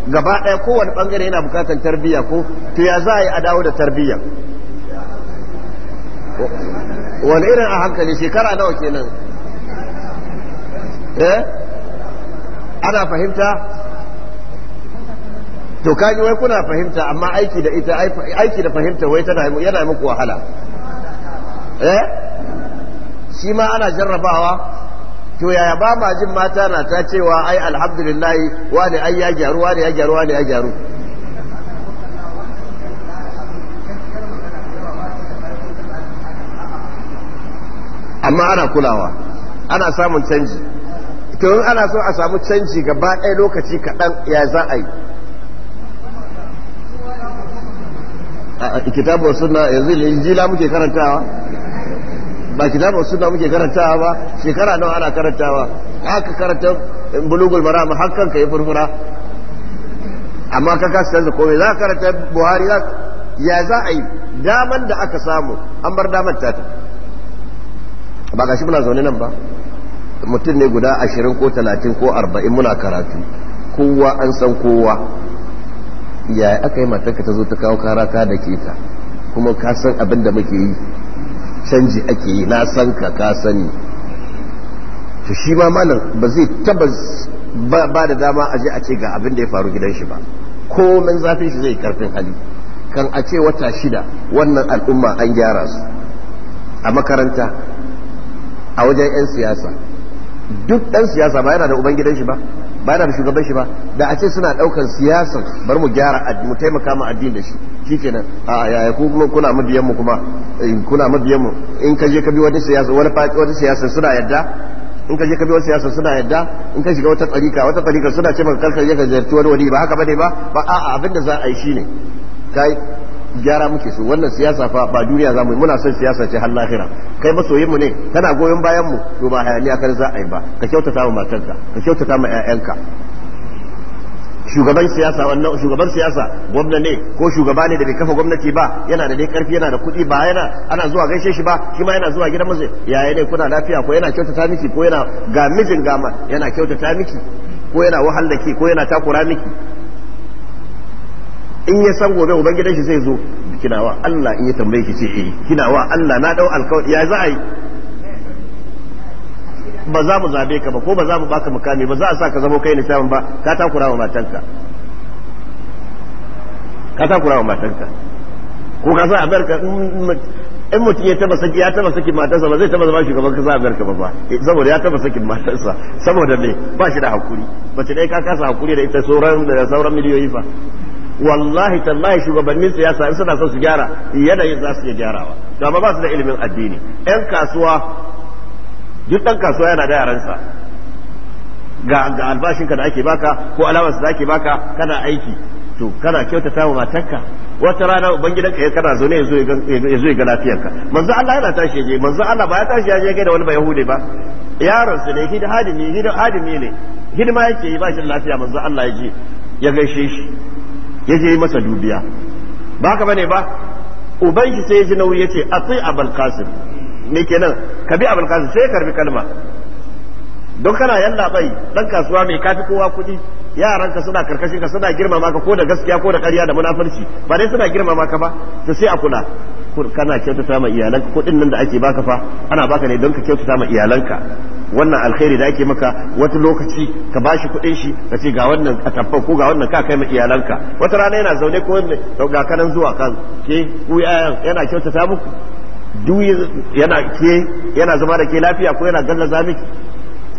gaba ɗaya kowane ɓangare yana bukatar tarbiyya ko to ya za a yi a dawo da tarbiyyar wani irin a hankali shekara nawa kenan eh ana fahimta to kaji wai kuna fahimta amma aiki da ita aiki da fahimta wai tana yana muku wahala eh shi ma ana jarrabawa to yaya ba ma jin mata na ta cewa ai alhamdulillah wani ai ya gyaru wani ya gyaru wani ya gyaru amma ana kulawa ana samun canji to in ana so a samu canji gaba ɗaya lokaci kaɗan ya za a yi kitabu suna yanzu injila muke karantawa ba kitabu suna muke karantawa ba shekara nawa ana karantawa haka karanta bulugul maram hakan kai furfura amma ka kasa ko komai za ka karanta buhari za ya za a yi daman da aka samu an bar damar ta ba shi muna zaune nan ba mutum ne guda ashirin ko talatin ko arba'in muna karatu kowa an san kowa ya aka yi matarka ta zo ta kawo kara ka da ke ta kuma ka san abin da muke yi canji ake yi na san ka ka sani to shi ma malam ba zai tabbas ba da dama a je a ce ga abin da ya faru gidan shi ba komin zafin shi zai karfin hali kan a ce wata shida wannan al'umma an gyara su a makaranta a wajen 'yan siyasa duk dan siyasa ba yana da ubangidan shi ba ba yana da shugaban shi ba da a ce suna daukar siyasan bar mu gyara mu taimaka mu addini da shi shikenan a yaya ku kuma kuna mabiyan mu kuma in eh, kuna mabiyan mu in ka je ka bi wata siyasa wani faɗi wata siyasa suna yadda in ka je ka bi wata siyasa suna yadda in ka shiga wata tsarika wata tsarika suna ce maka karkar je ka ziyarci wani wani ba haka bane ba ba a'a abinda da za a yi shine kai gyara muke so wannan siyasa fa ba duniya mu yi muna son siyasa ce har lahira kai masoyinmu ne kana goyon bayan mu to ba hayaniya kar za a yi ba ka kyautata ma matarka ka kyautata ma ƴaƴanka shugaban siyasa wannan shugaban siyasa gwamna ne ko shugaba ne da bai kafa gwamnati ba yana da dai karfi yana da kuɗi ba yana ana zuwa gaishe shi ba shi ma yana zuwa gidan mace yaya ne kuna lafiya ko yana kyautata miki ko yana ga mijin gama yana kyautata miki ko yana wahal da ke ko yana takura miki in ya san gobe ubangidan shi zai zo kina wa Allah in ya tambaye ki ce eh kina wa Allah na dau alkawari ya za a yi ba za mu zabe ka ba ko ba za mu baka mukami ba za a sa ka zama kai samun ba ka kura wa matanka ka takura wa matanka ko ka sa Amerika in mutum ya taba saki ya taba sakin matarsa ba zai taba zama shugaban kasa Amerika ba ba eh, saboda ya taba sakin matarsa saboda me ba shi da hakuri mace dai ka kasa hakuri da ita sauran da sauran miliyoyi fa wallahi tallahi shugabannin siyasa in suna son su gyara yanayin za su iya gyarawa to amma ba su da ilimin addini yan kasuwa duk dan kasuwa yana da yaransa ga ga albashinka da ake baka ko alawarsa da ake baka kana aiki to kana kyautata wa matarka wata rana ubangidanka ka kana zo ne ya zo ya ga lafiyarka manzo Allah yana tashi je manzo Allah ba ya tashi ya je ga wani ba hude ba yaron su ne hidimi hidimi ne hidima yake yi ba shi lafiya manzo Allah ya je ya gaishe shi ya je masa dubiya ba haka bane ba uban shi sai ya ji nauyi ya ce a tsaye abul me kenan ka bi abul qasim sai ya karbi kalma don kana yalla bai dan kasuwa mai kafi kowa kuɗi yaranka suna karkashin ka suna girmama ka ko da gaskiya ko da ƙarya da munafarci ba dai suna girmama ka ba to sai a kula kana kyautata ma iyalanka kuɗin nan da ake baka fa ana baka ne don ka kyautata ma iyalanka wannan alkhairi da ake maka wata lokaci ka bashi kuɗin shi ka ce ga wannan ka ko ga wannan ka kai ma iyalanka wata rana yana zaune ko ga kanan zuwa kan ke ku yana kyautata muku duk yana ke yana zama da ke lafiya ko yana gallaza miki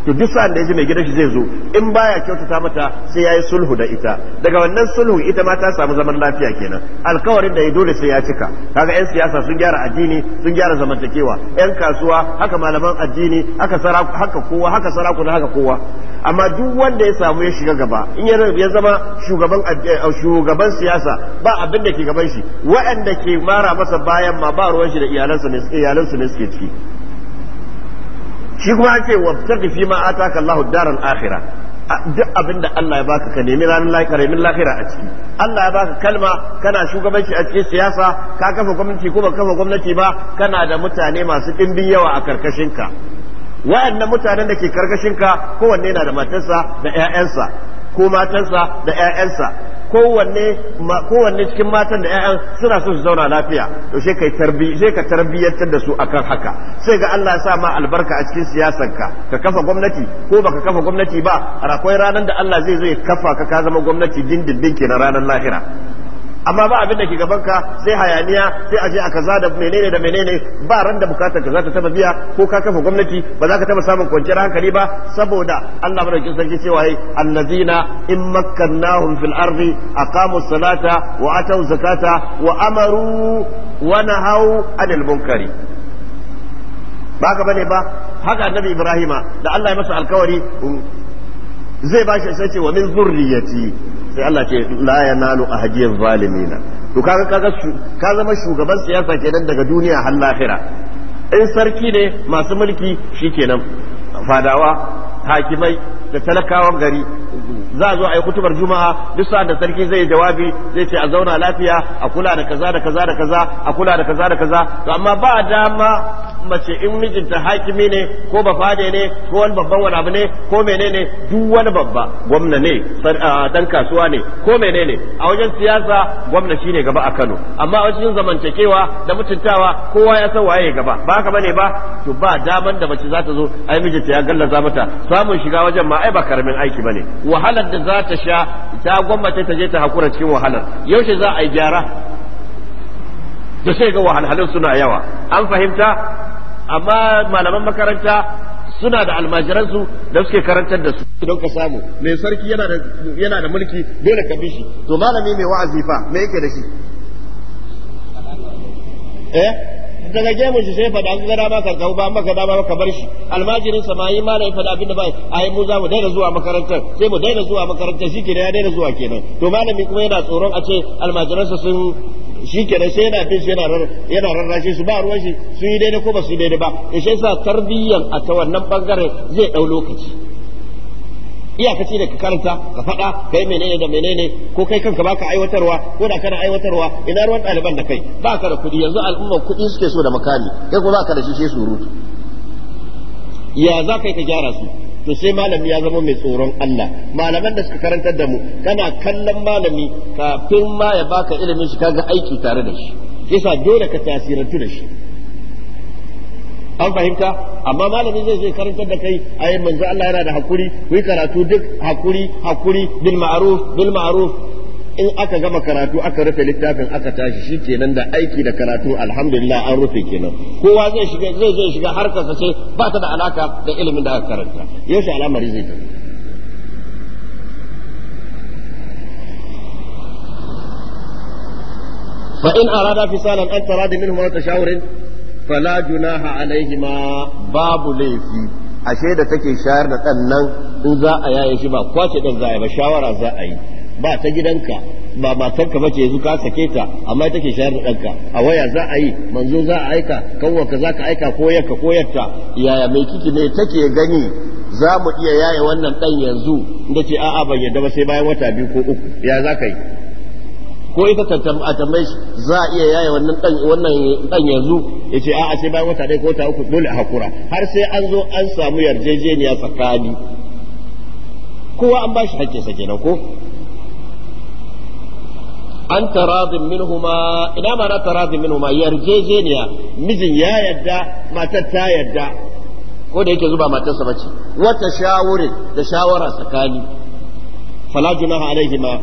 to duk sa'an da ya ji mai gidan shi zai zo in baya kyautata mata sai yayi sulhu da ita daga wannan sulhu ita ma ta samu zaman lafiya kenan alkawarin da ya dole sai ya cika kaga yan siyasa sun gyara addini sun gyara zamantakewa yan kasuwa haka malaman addini haka saraku haka kowa haka saraku da haka kowa amma duk wanda ya samu ya shiga gaba in ya zama shugaban eh, shugaban siyasa ba abin da ke gaban shi wa'anda ke mara masa bayan ma ba ruwan shi da iyalansa ne suke ciki shi kuma an ce wabtaqi fi ma ataka Allahu daral akhirah duk abinda da Allah ya baka ka nemi ranar lahira lahira a ciki Allah ya baka kalma kana shugabanci a cikin siyasa ka kafa gwamnati ko ba kafa gwamnati ba kana da mutane masu dimbin yawa a karkashin ka wayannan mutanen da ke karkashin ka kowanne na da matarsa da 'ya'yansa ko matansa da 'ya'yansa kowanne kowanne cikin matan da ƴaƴan suna so su zauna lafiya to sai kai tarbi sai ka tarbiyyantar da su akan haka sai ga Allah ya sa ma albarka a cikin siyasar ka ka kafa gwamnati ko baka kafa gwamnati ba akwai ranar da Allah zai zo ya kafa ka ka zama gwamnati dindindin na ranar lahira amma ba abin da ke gaban ka sai hayaniya sai aje a kaza da menene da menene ba ran da bukatar ka za ta taba biya ko ka kafa gwamnati ba za ka taba samun kwanciyar hankali ba saboda Allah madaukakin sarki cewa yi allazina in makkannahum fil ardi aqamu salata wa atau zakata wa amaru wa nahau anil munkari ba ka bane ba haka annabi ibrahima da Allah ya masa alkawari zai ba shi sai ce wa min zurriyati sai Allah ce la ya yanalu ahadiyaz zalimina to kaga kaga ka zama shugaban siyasa kenan daga duniya har lahira in sarki ne masu mulki shikenan fadawa hakimai da talakawan gari za a zo a yi kutubar juma'a duk sa'an da sarki zai yi jawabi zai ce a zauna lafiya a kula da kaza da kaza da kaza a kula da kaza da kaza to amma ba dama mace in mijinta hakimi ne ko fade ne ko wani babban wani abu ne ko menene duk wani babba gwamna ne dan kasuwa ne ko menene a wajen siyasa gwamna shine gaba a Kano amma a wajen zamantakewa da mutuntawa kowa ya san waye gaba ba haka bane ba to ba daman da mace za ta zo ai mijinta ya gallaza mata samun shiga wajen ma ai ba karamin aiki bane wahalar da za ta sha ta gwamnati ta je ta hakura cikin wahalar yaushe za a yi gyara da sai ga wahalhalun suna yawa an fahimta amma malaman makaranta suna da almajiransu da suke karantar da su don ka samu mai sarki yana da mulki dole ka bi shi to malami mai wa'azi fa me yake da shi eh daga gemu shi sai faɗa gara dama ka ba maka dama ka bar shi almajirin sa mai malai faɗa abin da ba ai mu za mu daina zuwa makarantar sai mu daina zuwa makarantar shi kenan ya daina zuwa kenan to malami kuma yana tsoron a ce sa sun shi kenan sai yana bin shi yana rarrashe su ba ruwan shi sun yi daidai ko ba su yi daidai ba ya sa tarbiyyan a ta wannan bangaren zai ɗau lokaci iyakaci da ka karanta ka faɗa kai menene da menene ko kai kanka baka aiwatarwa ko da kana aiwatarwa ina ruwan ɗaliban da kai baka da kuɗi yanzu al'umma kuɗi suke so da makami kai ko baka da shi sai surutu ya za kai ka gyara su to sai malami ya zama mai tsoron Allah malaman da suka karantar da mu kana kallon malami kafin ma ya baka ilimin shi kaga aiki tare da shi yasa dole ka tasirantu da shi an fahimta amma malami zai je karantar da kai a manzo Allah yana da hakuri kuyi karatu duk hakuri hakuri bil ma'ruf bil ma'ruf in aka gama karatu aka rufe littafin aka tashi shi kenan da aiki da karatu alhamdulillah an rufe kenan kowa zai shiga zai zai shiga ce ba ta da alaka da ilimin da aka karanta yaushe al'amari zai tafi فإن أراد an أن minhu wa tashawurin fala junaha alaihima babu laifi ashe da take shayar da ɗan nan in za a yaye shi ba kwace ɗan za a yi ba shawara za a yi ba ta gidanka ba matarka bace yanzu ka sake ta amma take shayar da ɗanka a waya za a yi manzo za a aika kanwarka za ka aika koyarka koyarta yaya mai kiki ne take gani za mu iya yaye wannan ɗan yanzu da ce a'a ban yadda ba sai bayan wata biyu ko uku ya za ka yi ko ita a tambaye shi za a iya yaya wannan dan wannan dan yanzu yace a'a sai bayan wata dai ko ta uku dole hakura har sai an zo an samu yarjejeniya tsakani kowa an bashi hakkin sa kenan ko an taradin minhuma ina ma na taradin minhuma yarjejeniya mijin ya yadda matar ta yadda ko da yake zuba matarsa bace wata shawure da shawara tsakani fala junaha alaihima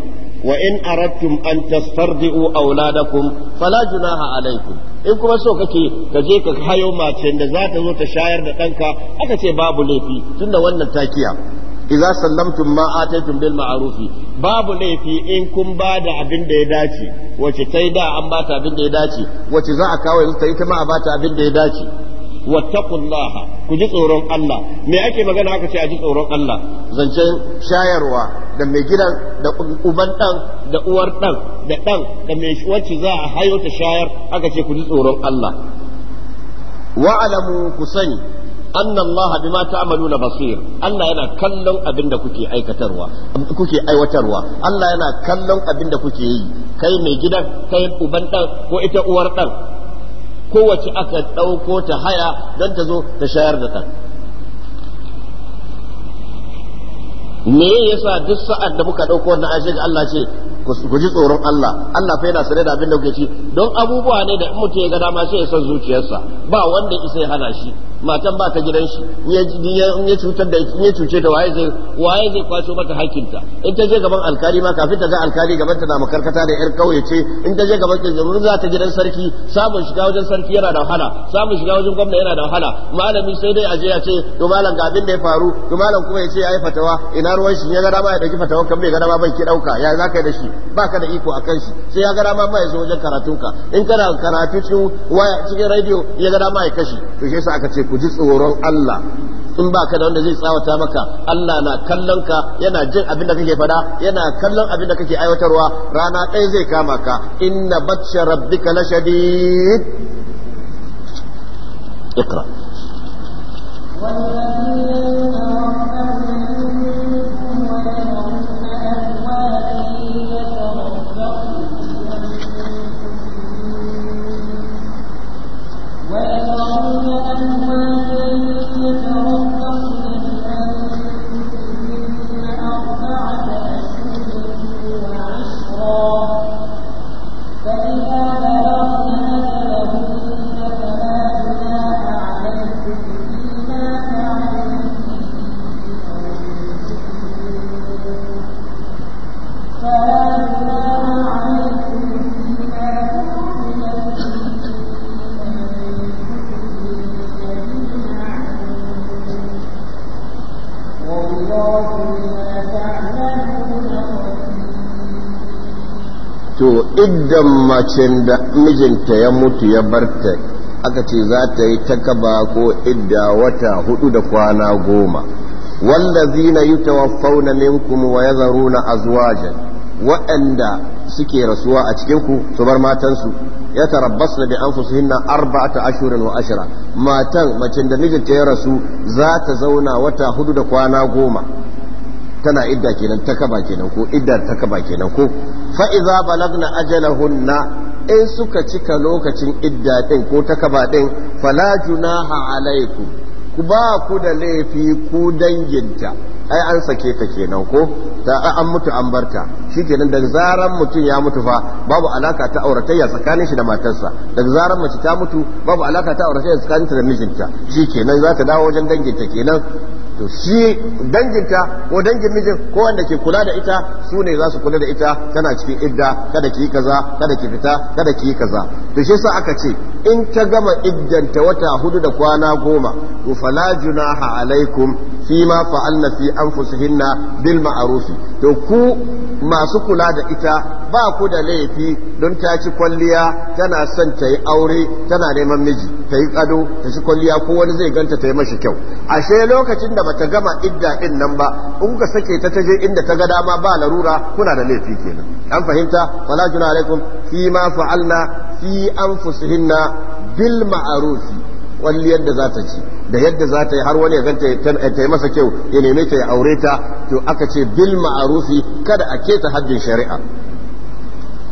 wa in aradtum an tastardi'u auladakum fala junaha alaikum in kuma so kake ka je ka hayo mace da za ta zo ta shayar da ɗanka aka ce babu laifi tunda wannan takiya idza sallamtum ma ataytum bil ma'ruf babu laifi in kun ba da abin da ya dace wace tai da an ba ta abin da ya dace wace za a kawo yanzu ta yi ta ma a ba ta abin da ya dace wattaqullaha ku ji tsoron Allah me ake magana aka ce a ji tsoron Allah zancen shayarwa da mai gidan da uban dan da uwar dan da dan da mai wacce za a hayo ta shayar aka ce ku ji tsoron Allah wa'alamu ku sani anna Allah bima ta'maluna basir Allah yana kallon abin kuke aikatarwa kuke aiwatarwa Allah yana kallon abin da kuke yi kai mai gidan kai uban dan ko ita uwar dan kowace aka ɗauko ta haya don ta zo ta shayar da ɗan me yasa duk sa'ad da muka ɗauko wannan ashe ga Allah ce ku ji tsoron Allah Allah fa yana sare da abin da kuke ci don abubuwa ne da in mutum ya ga dama sai ya san zuciyarsa ba wanda isa ya hana shi matan ba ta gidan shi in ya cutar da in ya cuce ta waye zai waye zai kwaso mata hakinta in ta je gaban alkali ma kafin ta ga alkali gaban ta na makarkata da yar kauye ce in ta je gaban kirjin za ta gidan sarki samun shiga wajen sarki yana da wahala samun shiga wajen gwamna yana da wahala malami sai dai aje ya ce to malam ga abin da ya faru to malam kuma ya ce ai fatawa ina ruwan shi ya ga dama ya dauki fatawa kan bai ga dama bai ki dauka ya zaka da shi baka da iko akan shi sai ya ga dama ma ya zo wajen karatun ka in kana karatu cikin waya cikin radio ya ga dama ya kashi to shi yasa aka ce ku ji tsoron Allah in baka da wanda zai tsawata maka Allah na kallon ka yana jin abin da kake fada yana kallon abin da kake aiwatarwa rana ɗaya zai kama ka inna batsha rabbika lashadid ikra والذين iddan mace da mijinta ya mutu ya barta aka ce za ta yi takaba ko idda wata hudu da kwana goma wanda wallazina yutawaffawna minkum wa ya na azwajan waɗanda suke rasuwa a cikinku su bar matansu ya fusu hinna arba ta ashirin wa ashira matan macin da mijinta ya rasu za ta zauna wata hudu da kwana goma tana idda kenan ta kaba kenan ko idda ta kaba kenan ko fa iza balagna ajalahunna in suka cika lokacin idda din ko ta kaba din fala junaha alaikum ku ba ku da laifi ku danginta ai an sake ta kenan ko ta an mutu an barta shikenan daga zaran mutum ya mutu fa babu alaka ta auratayya tsakanin shi da matarsa daga zaran mace ta mutu babu alaka ta auratayya tsakanin ta da mijinta shikenan za ta dawo wajen danginta kenan to shi danginta ko dangin mijin ko wanda ke kula da ita su ne za su kula da ita tana cikin idda kada ki kaza kada ki fita kada ki kaza to shi sa aka ce in ta gama iddanta wata hudu da kwana goma to fala junaha alaikum fi ma fa'alna fi anfusihinna bil ma'ruf to ku masu kula da ita ba ku da laifi don ta ci kwalliya tana son ta yi aure tana neman miji ta yi kado ta ci kwalliya ko wani zai ganta ta yi mashi kyau ashe lokacin da bata gama idda din nan ba in ka sake ta taje inda ta ga dama ba larura kuna da laifi kenan an fahimta fala junaha alaikum fi ma fa'alna fi fusuhinna bil ma'arufi walli yadda za ta ci da yadda za ta yi har wani ya ganta ta yi masa kyau ya neme ta ya aure ta to aka ce bil ma'arufi kada a keta haddin shari'a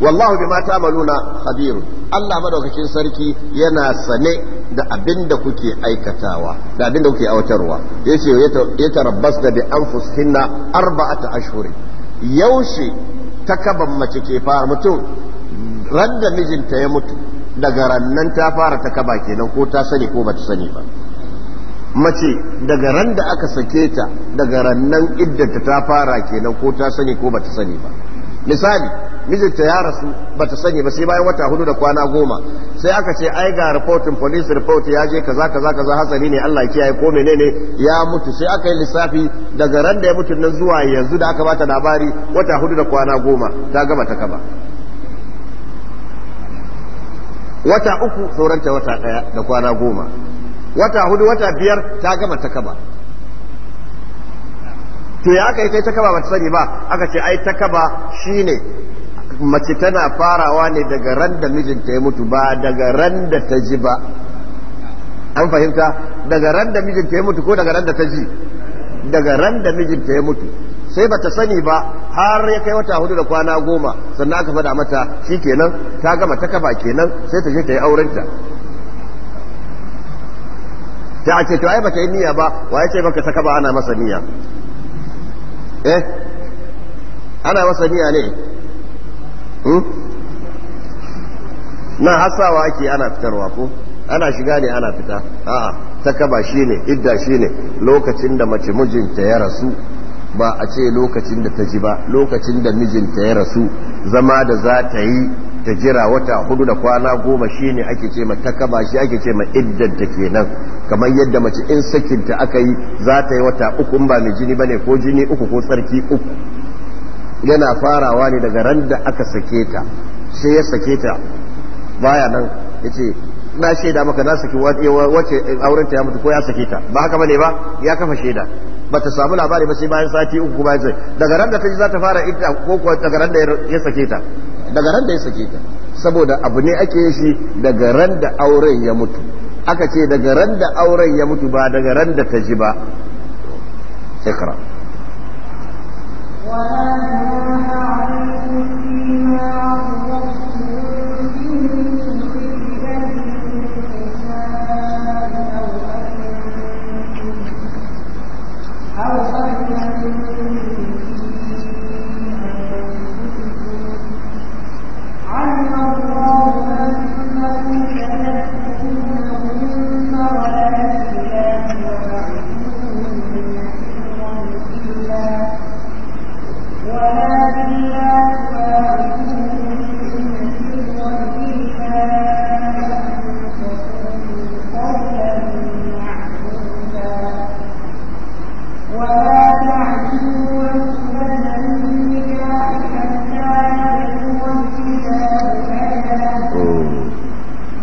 wallahu bima ta'maluna khabir Allah madaukakin sarki yana sane da abinda kuke aikatawa da abinda kuke autarwa yace ya tarabbas da bi anfusihinna arba'ata ashhur yaushe takabar mace ke fara mutum ran mijinta ya mutu daga rannan ta fara ta kaba kenan ko ta sani ko ba ta sani ba mace daga ran da aka sake ta daga rannan iddanta ta fara kenan ko ta sani ko ba ta sani ba misali mijinta ya rasu ba ta sani ba sai bayan wata hudu da kwana goma sai aka ce ai ga reportin police report ya je kaza kaza kaza hatsari ne Allah ya kiyaye ko menene ya mutu sai aka yi lissafi daga ran da ya mutu nan zuwa yanzu da aka bata labari wata hudu da kwana goma ta gaba ta kaba wata uku sauranta wata ɗaya da kwana goma wata hudu wata biyar ta gama ta kaba to ya aka yi kai ta kaba ba sani ba aka ce ai ta kaba shine mace tana farawa ne daga ran da mijinta ya mutu ba daga ran da ta ji ba an fahimta daga ran da mijinta ya mutu ko daga ran da ta ji daga ran da mijinta ya mutu sai bata sani ba har ya kai wata hudu da kwana goma sannan aka faɗa mata shi kenan ta gama ta kafa kenan sai ta je ta yi aurenta ta a ce to ai baka yi niyya ba wa ya ce baka ta kaba ana masa niyya eh ana masa niyya ne hmm? na hasawa ake ana fitarwa ko ana shiga ne ana fita a'a ta kaba shine idda shine lokacin da mace mijinta ya rasu ba a ce lokacin da ta ji ba lokacin da mijinta ya rasu zama da za ta yi ta jira wata hudu da kwana goma shi ne ake ce ma takaba shi ake ce ma iddanta kenan kamar yadda mace in sakinta aka yi za ta yi wata uku ba mai jini ba ne ko jini uku ko tsarki uku yana farawa ne daga ran da aka sake ta sai ya sake ta baya nan ya ce na shaida maka na saki wace aurenta ya mutu ko ya sake ta ba haka ba ne ba ya kafa shaida bata samu labari ba sai bayan sati uku bayan sai daga ran da ta ji za ta fara idda ko kuwa daga ran da ya sake ta daga ran da ya sake ta saboda abu ne ake yin shi daga ran da auren ya mutu aka ce daga ran da auren ya mutu ba daga ran da ta ji ba ikra wa la عليكم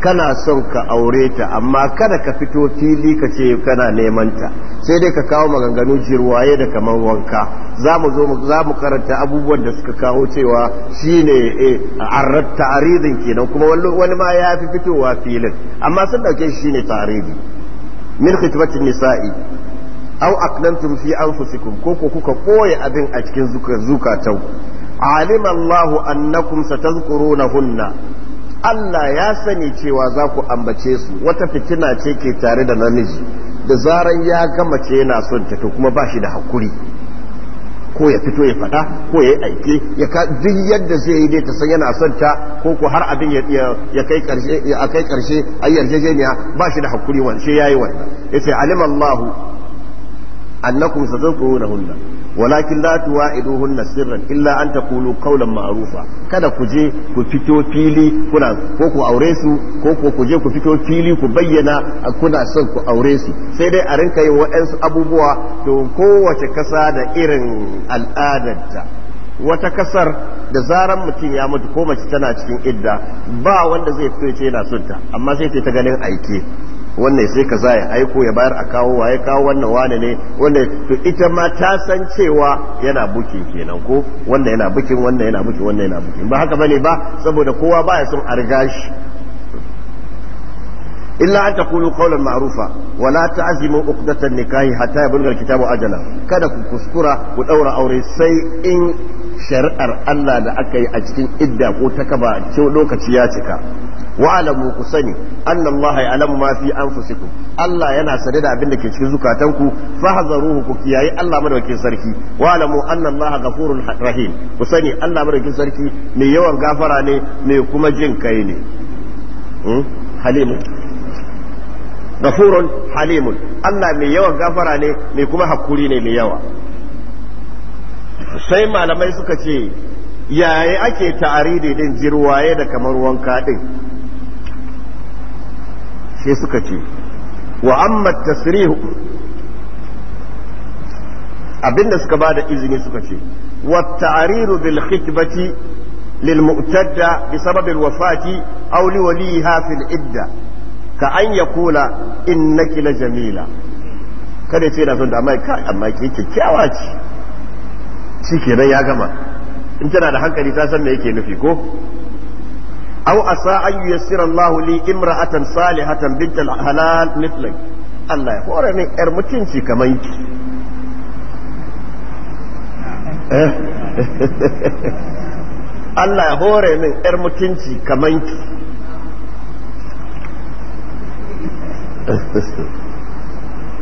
kana son ka aure ta amma kada ka fito fili ka ce kana neman ta sai dai ka kawo maganganu jirwaye da kamar wanka za mu zo za mu karanta abubuwan da suka kawo cewa shine eh, arrat ta'ridin kenan kuma wani ma ya fi fitowa filin amma sun dauke shi shine ta'ridi min khitbatin nisa'i aw aqnantum fi anfusikum ko ko kuka koyi abin a cikin zukatan alima Allahu annakum satazkurunahunna Allah ya sani cewa za ku ambace su wata fitina ce ke tare da namiji da zaran ya gama ce yana son ta to kuma ba shi da hakuri ko ya fito ya faɗa ko ya yi aike ya ka duk yadda zai yi dai ta san yana son ta ko ko har abin ya kai karshe a kai karshe a yarjejeniya ba shi da hakuri wance yayi wannan yace alimallahu annakum satazkurunahunna walakin la tuwa'iduhunna sirran illa an taqulu qawlan ma'rufa kada ku je ku fito fili kuna ko ku aure su ko ko ku je ku fito fili ku bayyana kuna son ku aure su sai dai a rinka yin waɗansu abubuwa to kowace kasa da irin al'adarta wata kasar da zaran mutum ya mutu ko mace tana cikin idda ba wanda zai fito ce yana sunta amma sai ta ganin aike wannan sai ka za ya aiko ya bayar a kawo wa ya kawo wannan wane ne wanda ita ma ta san cewa yana bukin kenan ko wanda yana bukin wanda yana bukin wanda yana bukin ba haka bane ba saboda kowa baya son arga shi illa an taqulu qawlan ma'rufa wa la ta'zimu uqdat an-nikahi hatta yablugha al-kitabu ajala kada ku kuskura ku daura aure sai in shari'ar Allah da aka yi a cikin idda ko ta kaba lokaci ya cika wa'alamu ku sani annallaha ya'lamu ma fi anfusikum Allah yana sane da abin da ke cikin zukatanku fahzaruhu ku kiyaye Allah madaukakin sarki wa'alamu annallaha ghafurur rahim ku sani Allah madaukakin sarki mai yawan gafara ne mai kuma jin kai ne hmm? halimu ghafurun halimun Allah mai yawan gafara ne mai kuma hakuri ne mai yawa sai malamai suka ce yaya ake ta'aridi din jirwaye da kamar wanka din sai suka ce wa amma tasrihu abinda suka ba da izini suka ce wa ta'riru bil khitbati lil mu'tadda bi sabab al wafati aw li waliha fil idda ka an yakula innaki la jamila kada ce na son da amma kai amma ke kyakkyawa ce shikenan ya gama in tana da hankali ta san me yake nufi ko aw asa an yassira Allah li imra'atan salihatan bint halal mithlak Allah ya hore ne yar mutunci kamar ki Allah ya hore min ‘yar mutunci kaman ki.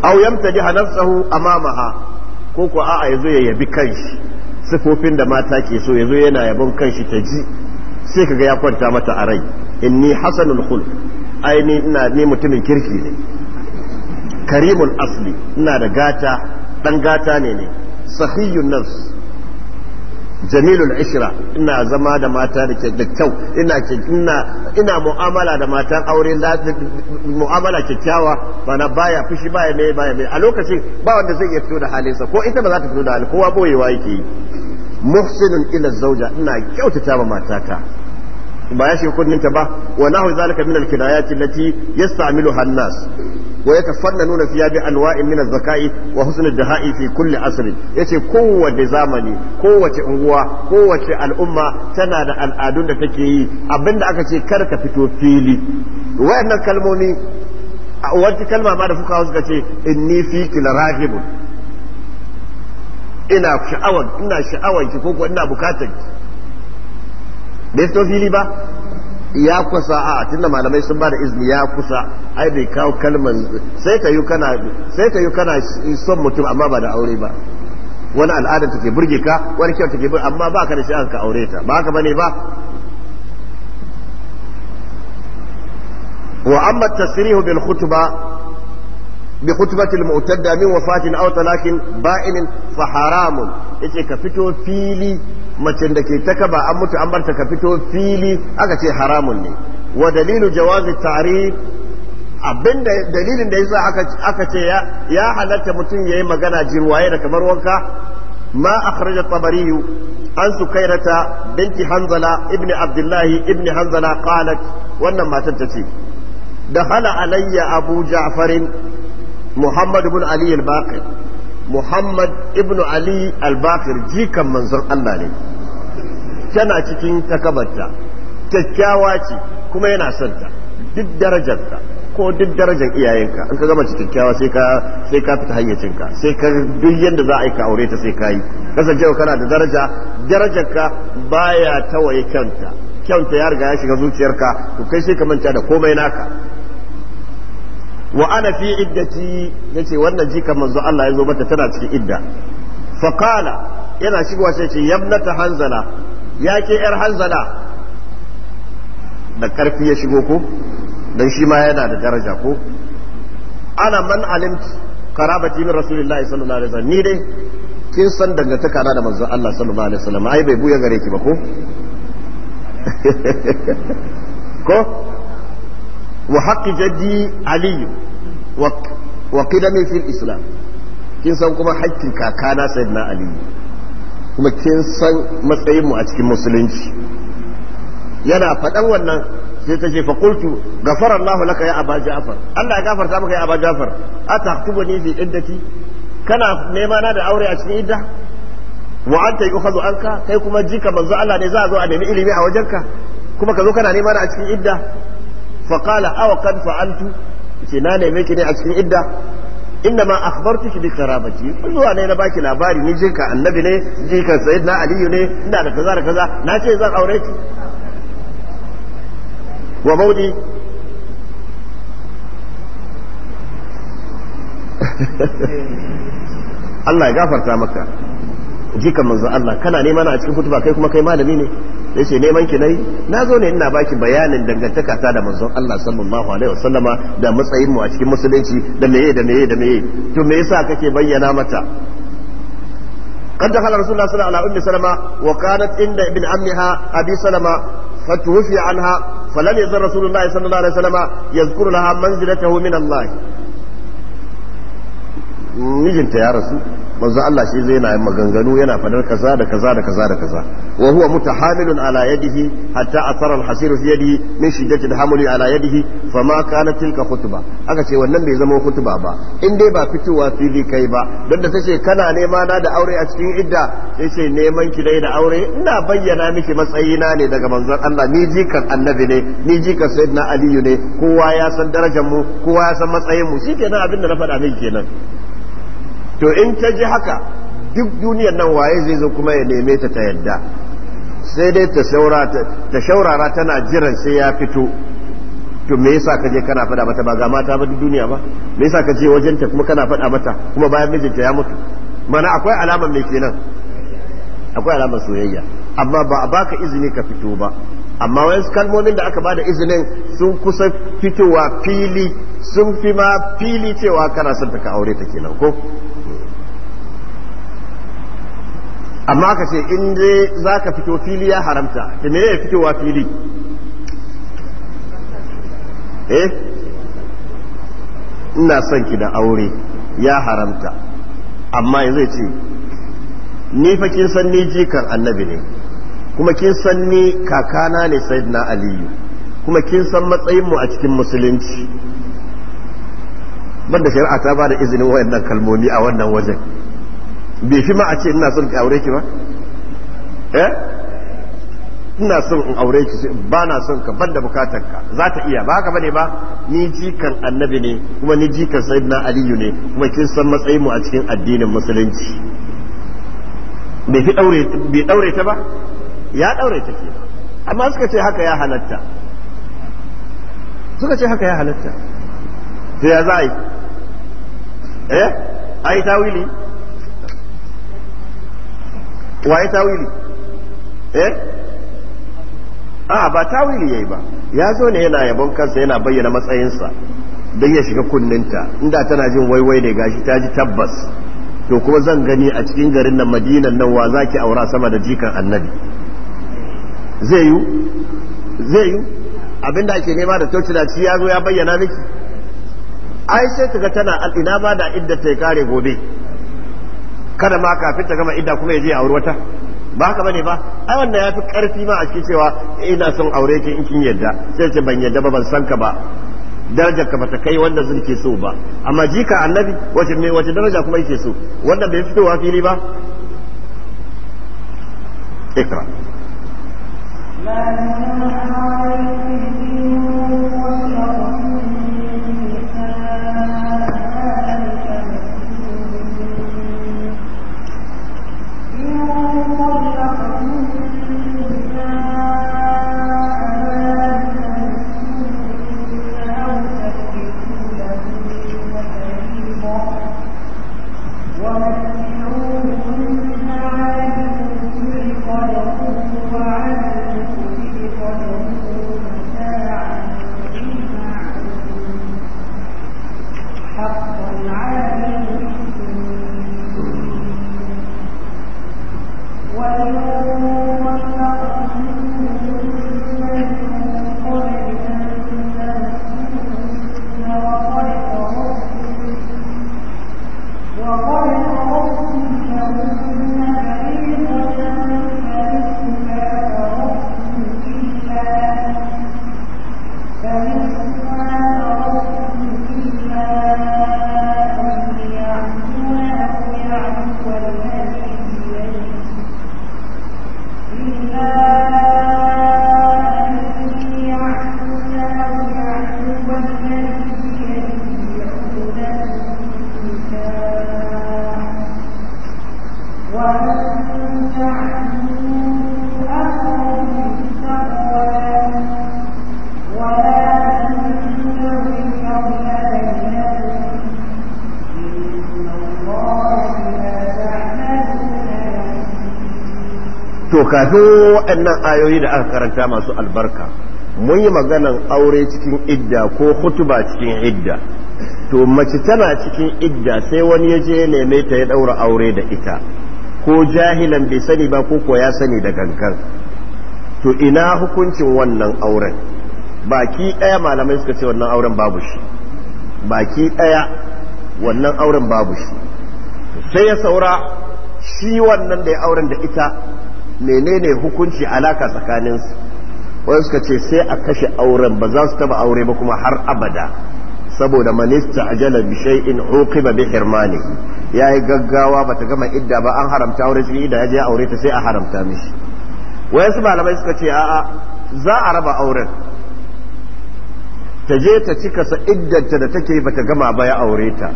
Auyam yamta ji hanafsahu amamaha ko ko a'a ya zo ya yabi kanshi sifofin da mata ke so ya zo yana yabon kanshi ta ji. sai kaga ya kwanta mata a rai inni hasanul khul ai ni ina ni mutumin kirki ne karimul asli ina da gata dan gata ne ne sahiyun nafs jamilul ishra ina zama da mata da ke da kyau ina ina ina mu'amala da matan aure mu'amala kyakkyawa bana baya fushi baya mai baya mai a lokacin ba wanda zai iya fito da halinsa ko ita ba za ta fito da hali kowa boyewa yake yi muhsinun ila zauja ina kyautata ma matata ba ya shiga kunnin ta ba wa nahu zalika min al-kinayati allati yasta'miluha an-nas wa nuna fiha bi anwa'in min az-zaka'i wa husn ad-daha'i fi kulli asr yace kowace zamani kowace unguwa kowace al'umma tana da al'adun da take yi abinda aka ce kar ka fito fili wayannan kalmomi wata kalma ma da fuka suka ce inni fi kila ina sha'awar ina sha'awar ki koko ina bukatar ki bai to fili ba ya kusa a tunda malamai sun ba da izini ya kusa ai bai kawo kalman sai ka yi kana sai ka yi kana son mutum amma ba da aure ba wani al'adar take burge ka wani kyau take burge amma ba ka da sha'awar ka aure ta ba ka bane ba wa amma tasrihu bil khutba بخطبة المعتدة من وفاة أو طلاق بائن فحرام يتي كفتو فيلي macen da ke ta kaba mutu an barta ka fito fili aka ce haramun ne wa dalilu jawazi tari dalilin da yasa aka ce ya halatta mutum yayi magana jirwaye da kamar wanka ma akhraja tabari an sukairata binti hanzala ibni abdullahi ibni hanzala qalat wannan matar ta ce dakhala alayya abu ja'farin محمد بن ali الباقر محمد muhammad ibn ali جيكا منظر jikan manzon Allah ne tana cikin كما kyakkyawa ce kuma yana duk ko duk darajar iyayenka in ka gama cikin kyakkyawa sai ka sai ka fita hayyacinka sai ka duk yanda za a yi ka aure ta sai ka yi kasancewa kana da daraja darajarka baya tawaye kyanta kyanta ya riga ya shiga zuciyarka to kai sai ka manta da komai naka wa ana fi iddati yace wannan jika manzo Allah ya zo mata tana cikin idda fa qala yana shigowa sai yace yabnata hanzala yake yar hanzala da karfi ya shigo ko dan shi ma yana da daraja ko ana man alimti karabati min rasulillahi sallallahu alaihi wasallam ni dai kin san dangantaka na da manzo Allah sallallahu alaihi wasallam ai bai buya gare ki ba ko ko wa haqqi jaddi ali wa qidami fil islam kin san kuma haƙƙin kakana sayyidina ali kuma kin san matsayin mu a cikin musulunci yana faɗan wannan sai ta ce fa qultu ghafara Allahu laka ya aba ja'far Allah ya gafarta maka ya aba ja'far atahtubuni fi iddati kana nema na da aure a cikin idda wa anta yukhadhu anka kai kuma jika manzo Allah ne za a zo a nemi ilimi a wajenka kuma ka zo kana nema na a cikin idda fa awa kan fa'antu. fa'altu ce na neme ki ne a cikin idda inna ma akhbartuki bi karabati zuwa ne na baki labari ni jinka annabi ne jinka sayyidina ali ne ina da kaza da kaza na ce zan aure ki wa maudi Allah ya gafarta maka jikan manzo Allah kana neman a cikin kutuba kai kuma kai malami ne ya ce neman ki nayi na zo ne ina baki bayanin dangantaka ta da manzon Allah sallallahu alaihi wasallama da matsayin mu a cikin musulunci da meye da meye da meye to me yasa kake bayyana mata قد دخل رسول الله صلى الله عليه وسلم على ام سلمه وكانت عند ابن عمها ابي سلمه فتوفي عنها فلم يزل رسول الله صلى الله عليه mijinta ya rasu manzo Allah shi zai na maganganu yana fadar kaza da kaza da kaza da kaza wa huwa mutahamilun ala yadihi hatta athara al-hasir fi yadihi min shiddati al-hamli ala yadihi fama kanat tilka khutba aka ce wannan bai zama khutba ba in dai ba fitowa fili kai ba don da tace kana nema na da aure a cikin idda sai ce neman ki dai da aure ina bayyana miki na ne daga manzo Allah ni jikan annabi ne ni jikan sayyidina aliyu ne kowa ya san darajar mu kowa ya san matsayin mu shi kenan abin da na faɗa miki kenan to in ta ji haka duk duniyar nan waye zai zo kuma ya neme ta ta yadda sai dai ta shaurara tana jiran sai ya fito to me yasa ka je kana faɗa mata ba ga mata ba duk duniya ba me yasa ka je wajen ta kuma kana faɗa mata kuma bayan mijinta ya mutu mana akwai alamar me kenan akwai alamar soyayya amma ba a baka izini ka fito ba amma wasu kalmomin da aka bada izinin sun kusa fitowa fili sun fi ma fili cewa kana son ta ka aure ta kenan ko amma ka ce in dai za ka fito fili ya haramta da me ya fitowa fili eh ina son ki da aure ya haramta amma yanzu ce ni fa kin san ni jikan annabi ne kuma kin san ni kakana ne sayyidina aliyu kuma kin san matsayin mu a cikin musulunci banda shari'a ta ba da izinin wayannan kalmomi a wannan wajen bai fi ma a ce ina son ka aure ki ba eh ina son in aure ki ba na son ka banda bukatar ka za ta iya ba haka bane ba ni jikan annabi ne kuma ni jikan sayyidina aliyu ne kuma kin san matsayin mu a cikin addinin musulunci bai fi daure bai daure ta ba ya daure ta ke amma suka ce haka ya halatta suka ce haka ya halatta sai ya za yi eh ai tawili waye tawili eh a ba tawili yayi ba ya zo ne yana yabon kansa yana bayyana matsayinsa don ya shiga kunninta inda tana jin waiwai ne gashi ta ji tabbas to kuma zan gani a cikin garin nan madinan nan wa zaki aura sama da jikan annabi zai yi zai yi abinda ake nema da tocilaci ya zo ya bayyana miki ai sai tana al'ina ba da idda ta kare gobe kada ma kafin ta gama idda kuma ya je a wata ba haka bane ba ai wannan yafi karfi ma a cikin cewa eh, ina son aure ki in kin yadda sai ce ban yadda ba ban san ka ba darajar ka bata kai wanda zan ke so ba amma jika annabi wace me wace daraja kuma yake so wanda bai fitowa fili ba ikra لا to kafin waɗannan ayoyi da aka karanta masu albarka mun yi maganan aure cikin idda ko hutuba cikin idda to mace tana cikin idda sai wani ya je neme ta ya ɗaura aure da ita ko jahilan bai sani ba ko ko ya sani da gangan to ina hukuncin wannan auren baki ɗaya malamai suka ce wannan auren babu shi baki ɗaya wannan auren babu shi sai ya saura shi wannan da ya auren da ita menene hukunci alaka tsakaninsu wani suka ce sai a kashe auren ba za su taba aure ba kuma har abada saboda manista ajala bi shay'in uqiba bi hirmani yayi gaggawa bata gama idda ba an haramta aure shi idda yaje aure ta sai a haramta mishi su malamai suka ce a'a za a raba auren ta je ta cika sa iddanta da take bata gama ba ya aure ta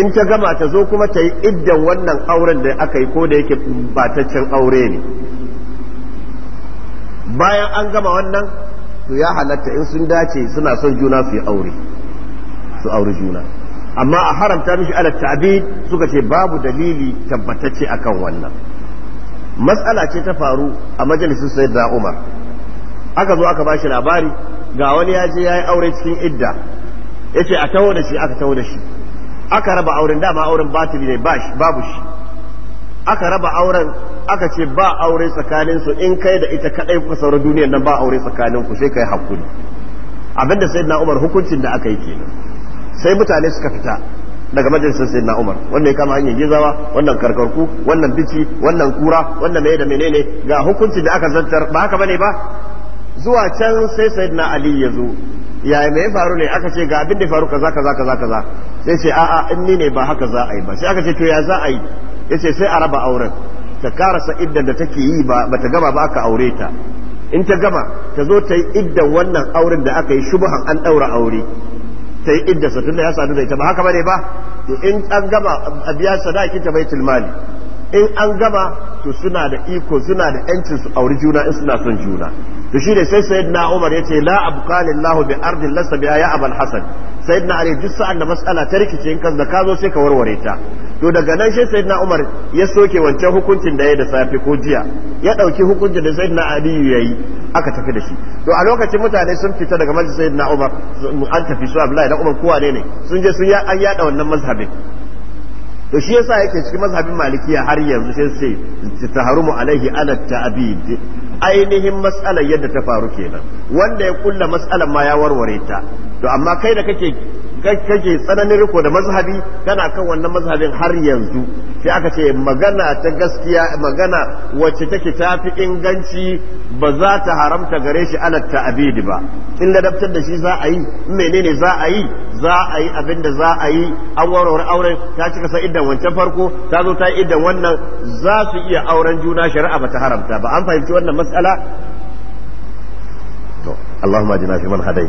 in ta gama ta zo kuma ta yi iddan wannan auren da aka yi ko da yake bataccen aure ne bayan an gama wannan to ya halatta in sun dace suna son juna su yi aure su aure juna amma a haramta mishi ala tabi suka ce babu dalili tabbatacce akan wannan matsala ce ta faru a majalisin da Umar aka zo aka bashi labari ga wani ya je yayi aure cikin idda yace a taho da shi aka taho da shi aka raba auren dama auren batili ne babu shi aka raba auren aka ce ba aure tsakanin su in kai da ita kadai kuka sauran duniyar nan ba aure tsakanin ku sai kai hakuri abinda sayyidina Umar hukuncin da aka yi kenan sai mutane suka fita daga majalisar sayyidina Umar wanda ya kama hanyar gizawa wannan karkarku wannan bici wannan kura wannan mai da menene ga hukuncin da aka zantar ba haka bane ba zuwa can sai sayyidina Ali ya zo yaya me ya faru ne aka ce ga abin da faru kaza kaza kaza kaza sai ce a'a in ni ne ba haka za a yi ba sai aka ce to ya za a yi yace sai a raba auren ta karasa iddan da take yi ba bata gama ba aka aure ta in ta gama ta zo ta yi iddan wannan auren da aka yi shubuhan an daura aure ta yi idan sa tunda ya sadu da ita ba haka bane ba to in an gama a biya sadaki ta baitul mali in an gama to suna da iko suna da yancin su auri juna in suna son juna to shine sai sayyidina Umar yace la abqali Allahu bi ardin lasa biha ya Abul Hasan sayyidina Ali duk sa'an da mas'ala ta rikice in ka da ka zo sai ka warware ta to daga nan sai sayyidina Umar ya soke wancan hukuncin da ya da safe ko jiya ya dauki hukuncin da sayyidina Ali yayi aka tafi da shi to a lokacin mutane sun fita daga majalisar sayyidina Umar an tafi su Abdullahi da Umar kowa ne ne sun je sun ya an yada wannan mazhabin to shi yasa yake cikin mazhabin malikiya har yanzu sai sai taharumu alaihi ala ta'bid ainihin mas'alar yadda ta faru kenan wanda ya kulla mas'alar ma ya warware ta to amma kai da kake kake tsananin riko da mazhabi kana kan wannan mazhabin har yanzu sai aka ce magana ta gaskiya magana wacce take tafi inganci ba za ta haramta gare shi ala ta'abidi ba in ladabtar da shi za a yi menene za a yi za a yi abin da za a yi an warware auren ta cika sa idan wancan farko ta zo ta yi idan wannan za su iya auren juna shari'a ba ta haramta ba an fahimci wannan matsala. to Allahumma jina fi man hadai